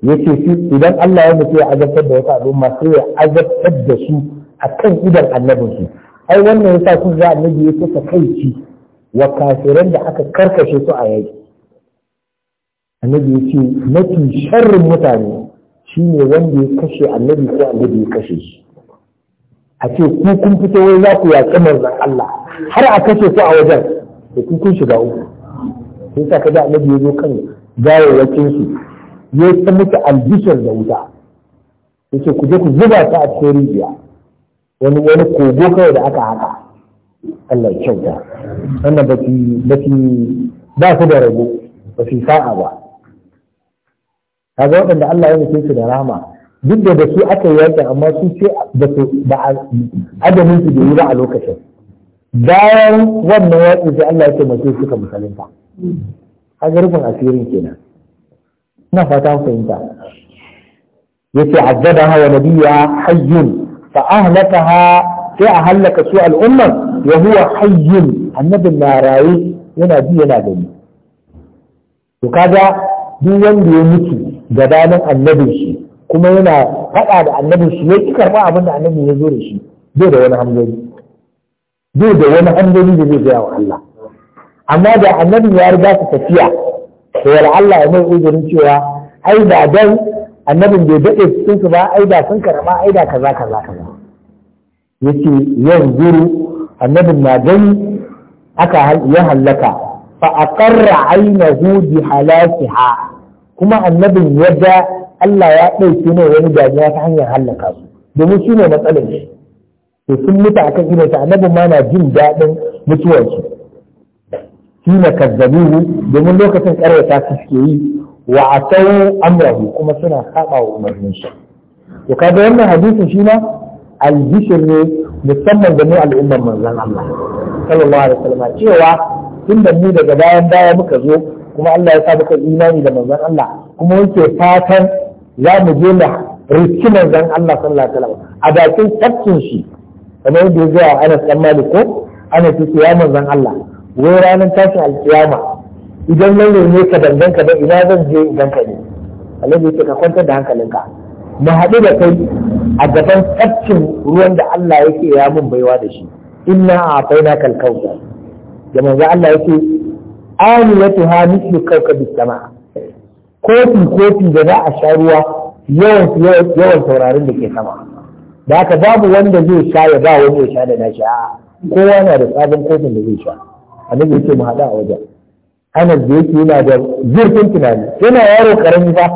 yace shi idan Allah ya mutu ya azabtar da wata al'umma sai ya azabtar da su akan idan annabin su ai wannan yasa kun ga annabi yake ta kaici wa kafiran da aka karkashe su a yaki annabi yace mafi sharrin mutane shine wanda ya kashe annabi ko annabi ya kashe shi a ce ku kun fito wai za ku yaƙi manzon Allah har a kashe su a wajen da kun shiga uku sai sa kaga annabi ya zo kan gawawwakin su ya ta musu albishar da wuta yace ku je ku zuba ta a cikin rijiya wani wani kogo kawai da aka haka Allah kyauta wannan ba ba su da rabo ba su sa'a ba kaga wadanda Allah ya nufe su da rahama duk da da su aka yi yaƙi amma su ce ba a adamin su da yi ba a lokacin bayan wannan yaƙi sai Allah ya taimake suka musulunta a rufin asirin kenan ina fata fahimta yace azzabaha wa nabiyya hayyun fa ha, sai a hallaka su al'umma wa huwa hayyun annabin na raye yana ji yana gani to kaga duk wanda ya mutu gabanin annabin shi kuma yana faɗa da annabin shi ya ki karɓa abin da annabin ya zo da shi bai da wani hamdani bai da wani hanzari da zai gaya wa Allah amma da annabi ya riga su tafiya sayar Allah ya mai uzurin cewa ai da dan annabin bai daɗe cikin su ba ai da sun karama ai da kaza kaza kaza yace yanzuru annabin na gani aka ya hallaka fa aqarra aynahu bi halakiha kuma annabin ya ga Allah ya ɗauke ne wani damuwa ta hanyar hallaka su domin shi ne matsalar shi to sun mutu akan irin sa annabin ma na jin daɗin mutuwarsu shi na kazzabihu domin lokacin karyata su suke yi wa asau amrahu kuma suna saba wa umarnin to kaga wannan hadisin shi ma albishir ne musamman da mu al'ummar manzan Allah sallallahu alaihi wasallam cewa tunda mu daga bayan baya muka zo kuma Allah ya sa muka imani da manzan Allah kuma muke fatan za mu je mu riski manzan Allah sallallahu alaihi wasallam a bakin tafkin shi kamar yadda ya zuwa Anas dan Malik ko Anas yake ya zan Allah wai ranar tashin alkiyama idan nan ne ka danganka da ina zan je idan ka ne Allah ce ka kwantar da hankalinka mu haɗu da kai a gaban tsaccin ruwan da Allah yake ya mun baiwa da shi inna a faina kalkauta da manzo Allah yake aniyatu ha mislu kawkabi sama kofi kofi da za a sha ruwa yawan yawan taurarin da ke sama da haka babu wanda zai sha ya ba wani ya sha da nashi a kowa na da sabon kofin da zai sha annabi yake mu haɗa a wajen Anas da yake yana da zurfin tunani yana yaro karami ba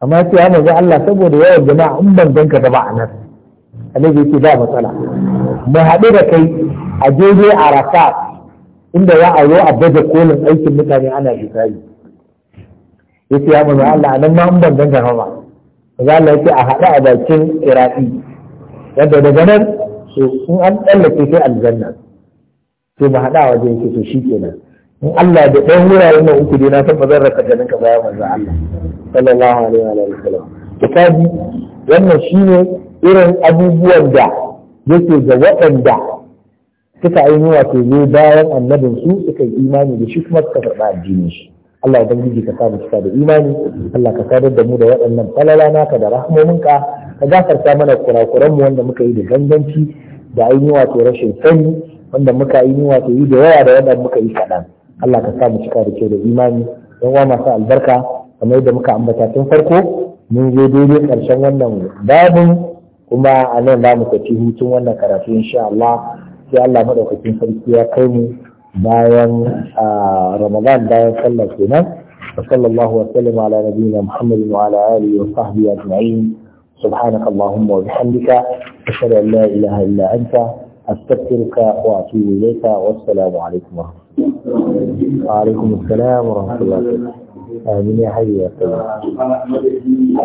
amma sai ya manzo Allah saboda yawan jama'a in ban danka da ba anan annabi yake ba matsala mu haɗu da kai a jeje a rasa inda za a zo a baje kolin aikin mutane ana bisani yace ya manzo Allah nan ma in ban danka ba manzo Allah yake a haɗu a bakin Iraki yadda daga nan to in an tsallake sai aljanna to ba hada waje yake to shi kenan in Allah da ɗan wuraren nan uku dai na san ba zan raka ganin ka bayan manzo Allah sallallahu alaihi wa sallam to kaji wannan shine irin abubuwan da yake ga waɗanda suka aini wato zo bayan annabin su suka yi imani da shi kuma suka karɓa addinin shi Allah ya bangiji ka sa mu da imani Allah ka sadar da mu da waɗannan falala naka da rahmominka ka gafarta mana kurakuran mu wanda muka yi da ganganci da ni wato rashin sani wanda muka yi wato yi da yawa da wanda muka yi kaɗan Allah ka sa mu cika da kyau da imani don wa masu albarka kamar yadda muka ambata tun farko mun zo daidai ƙarshen wannan babin kuma a nan za mu tafi hutun wannan karatu insha Allah sai Allah madaukakin sarki ya kai mu bayan Ramadan bayan sallah kenan wa الله wa على نبينا محمد وعلى wa وصحبه alihi سبحانك اللهم وبحمدك أشهد أن لا إله إلا أنت أستغفرك وأتوب إليك والسلام عليكم ورحمة الله وعليكم السلام ورحمة الله آمين يا حي يا قيوم